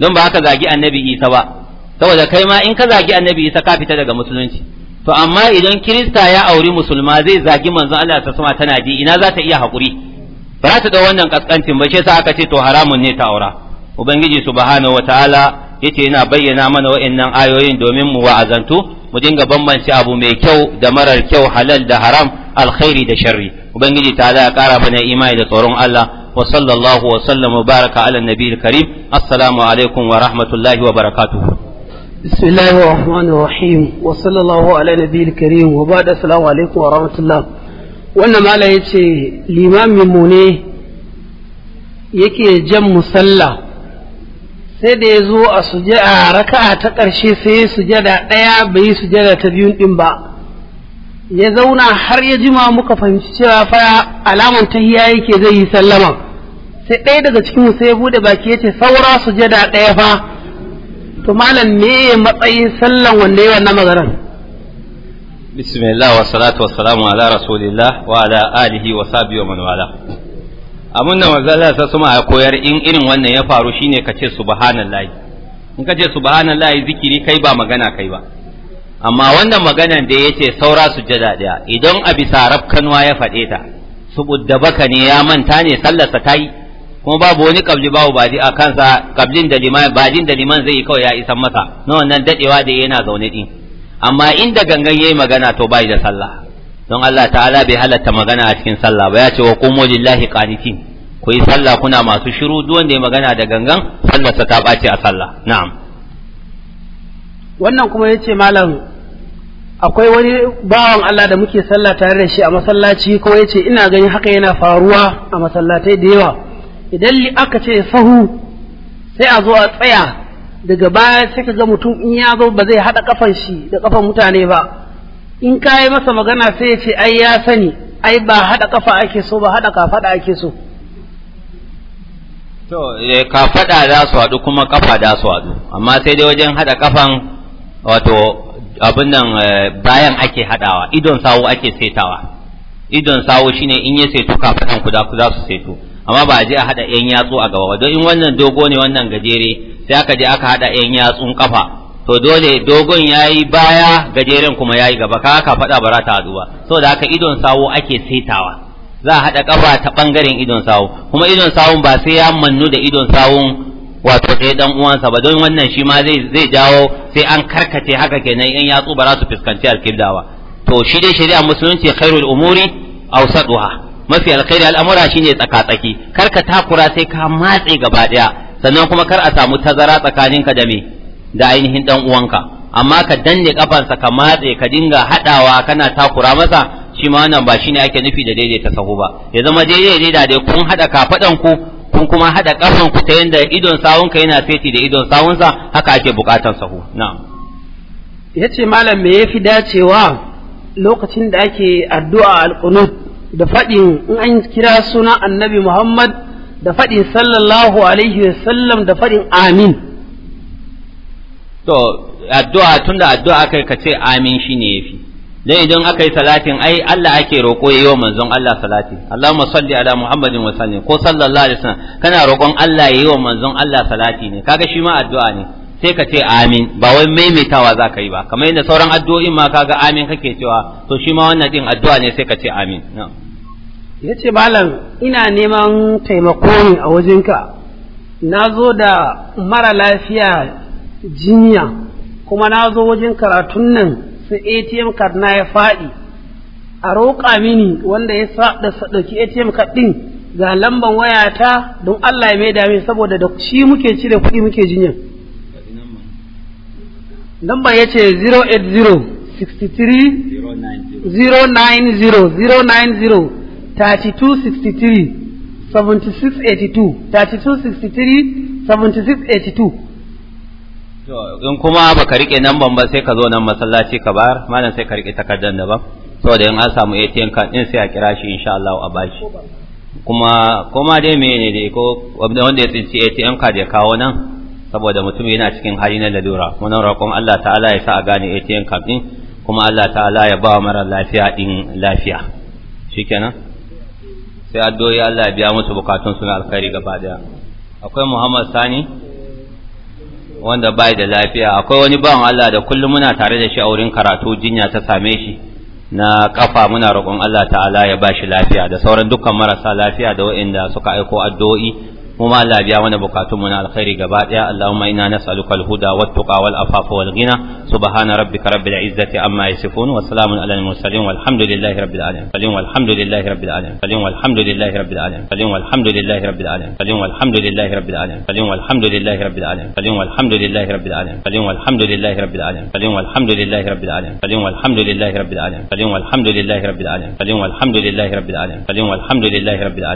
S2: don ba ka zagi annabi isa ba saboda kai ma in ka zagi annabi isa ka fita daga musulunci to amma idan kirista ya auri musulma zai zagi manzon Allah ta sama tana ji ina za ta iya haƙuri ba za ta ga wannan kaskancin ba shi yasa aka ce to haramun ne ta aura ubangiji subhanahu wataala yace yana bayyana mana wa'annan ayoyin domin mu wa'azantu mu dinga bambance abu mai kyau da marar kyau halal da haram alkhairi da sharri ubangiji ta ya kara mana imani da tsoron Allah wa sallallahu wa sallam wa baraka ala nabiyil karim assalamu alaikum wa rahmatullahi wa barakatuh
S3: bismillahir rahmanir rahim wa sallallahu ala nabiyil karim wa ba'da assalamu alaikum wa rahmatullah wannan malai yace limamin mu ne yake jan musalla sai da ya zo a sujada raka'a ta ƙarshe sai ya sujada ɗaya bai yi sujada ta biyun ɗin ba ya zauna har ya jima muka fahimci cewa fa alaman hiya yake zai yi sallama sai ɗaya daga cikin sai ya bude baki yace saura sujada ɗaya fa to malam me ya matsayin sallan wanda ya wannan magaran
S2: bismillah wa salatu wa salamu ala rasulillah wa ala alihi wa sahbihi wa man wala abin da manzala sa suma ya koyar in irin wannan ya faru shine ka ce subhanallahi in ka ce subhanallahi zikiri kai ba magana kai ba amma wannan maganan da ya ce saura su daya idan a bisa rafkanwa ya faɗe ta ɓudda baka ne ya manta ne sallarsa ta yi kuma babu wani kabli babu baji a kansa kablin da liman bajin da liman zai yi kawai ya isan masa na wannan dadewa da yana zaune ɗin. amma inda gangan yayi magana to bai da sallah don Allah ta'ala bai halatta magana a cikin sallah ba ya ce wa qumu lillahi qanitin ku yi sallah kuna masu shiru duk wanda ya magana da gangan sallarsa ta a sallah na'am
S3: wannan kuma yace malam akwai wani bawan Allah da muke sallah tare da shi a masallaci kuma yace ina ganin haka yana faruwa a masallatai da yawa idan aka ce sahu sai a zo a tsaya daga baya sai ka ga mutum in ya zo ba zai haɗa kafan shi da kafan mutane ba in ka yi masa magana sai ya ce ai ya sani ai ba haɗa kafa ake so ba haɗa kafaɗa ake so
S2: to eh, kafaɗa za su haɗu kuma kafa za su haɗu amma sai dai wajen haɗa kafan wato abin nan eh, bayan ake haɗawa idon sawu ake setawa idon sawu shine in ya setu kafaɗan ku za su setu amma ba a je a haɗa 'yan yatsu a gaba don in wannan dogo ne wannan gajere sai aka je aka haɗa 'yan yatsun kafa to dole dogon yayi baya gajeren kuma yayi gaba ka ka fada bara ta aduba saboda haka idon sawo ake saitawa za a hada kafa ta bangaren idon sawo kuma idon sawon ba sai ya mannu da idon sawon wato sai dan uwansa ba don wannan shi ma zai zai jawo sai an karkace haka kenan in yatsu ba za su fuskanci to shi dai shari'a musulunci khairul umuri awsaduha mafi alkhairi al'amura shine tsaka-tsaki kar ka takura sai ka matse gaba daya sannan kuma kar a samu tazara tsakaninka da me da ainihin dan uwanka amma ka danne kafansa ka matse ka dinga hadawa kana takura masa shi ma wannan ba shine ake nufi da daidai ta sahu ba ya zama daidai da dai kun hada kafadan ku kun kuma hada kafan ku ta yanda idon sawunka yana feti da idon sawunsa haka ake bukatar sahu
S3: na'am yace malam me yafi dacewa lokacin da ake addu'a alqunut da fadin in an kira sunan annabi Muhammad da fadin sallallahu alaihi wasallam da fadin amin
S2: to addu'a tunda addu'a kai ka ce amin shine yafi dan idan aka yi salatin ai Allah ake roƙo yayi wa manzon Allah salati Allahumma salli ala Muhammadin wa sallim ko sallallahu alaihi wasallam kana roƙon Allah yayi wa manzon Allah salati ne kaga shi ma addu'a ne sai ka ce amin ba wai maimaitawa za ka yi ba kamar yadda sauran addu'o'in ma kaga amin kake cewa to shi ma wannan din addu'a ne sai ka ce amin
S3: ya ce malam ina neman taimako ne a wajenka na zo da mara lafiya jinya kuma na zo wajen karatun nan sai atm card na ya faɗi a roƙa mini wanda ya ɗauki atm card ɗin ga lamban wayata don allah ya mai dame saboda da shi muke cire kuɗi muke jinya lamban ya ce 080 63 090 090 3263 7682 3263 7682
S2: in kuma ba ka rike nan ban ba sai ka zo nan masallaci ka bar malam sai ka rike takardar da ba saboda in an samu ATM card din sai a kira shi insha Allah a bashi kuma kuma dai me ne dai ko wanda ya tsinci ATM card ya kawo nan saboda mutum yana cikin hali na lalura muna roƙon Allah ta'ala ya sa a gane ATM card din kuma Allah ta'ala ya ba mara lafiya din lafiya shikenan sai addu'o'i Allah ya biya musu bukatun suna alkhairi gaba daya akwai Muhammad Sani wanda bai da lafiya akwai wani bawan Allah da kullum muna tare da shi a wurin karatu jinya ta same shi na kafa muna roƙon Allah ta'ala ya bashi lafiya da sauran dukkan marasa lafiya da waɗanda suka aiko addu'o'i mu ma Allah biya mana bukatun mu na alkhairi gaba daya Allahumma inna nas'aluka alhuda wattaqa wal afafa wal ghina subhana rabbika amma yasifun wa salamun alal mursalin walhamdulillahi rabbil alamin walhamdulillahi rabbil alamin walhamdulillahi rabbil alamin walhamdulillahi rabbil alamin walhamdulillahi rabbil alamin walhamdulillahi rabbil alamin walhamdulillahi rabbil alamin walhamdulillahi rabbil alamin walhamdulillahi rabbil alamin walhamdulillahi rabbil alamin walhamdulillahi rabbil alamin walhamdulillahi rabbil alamin walhamdulillahi rabbil alamin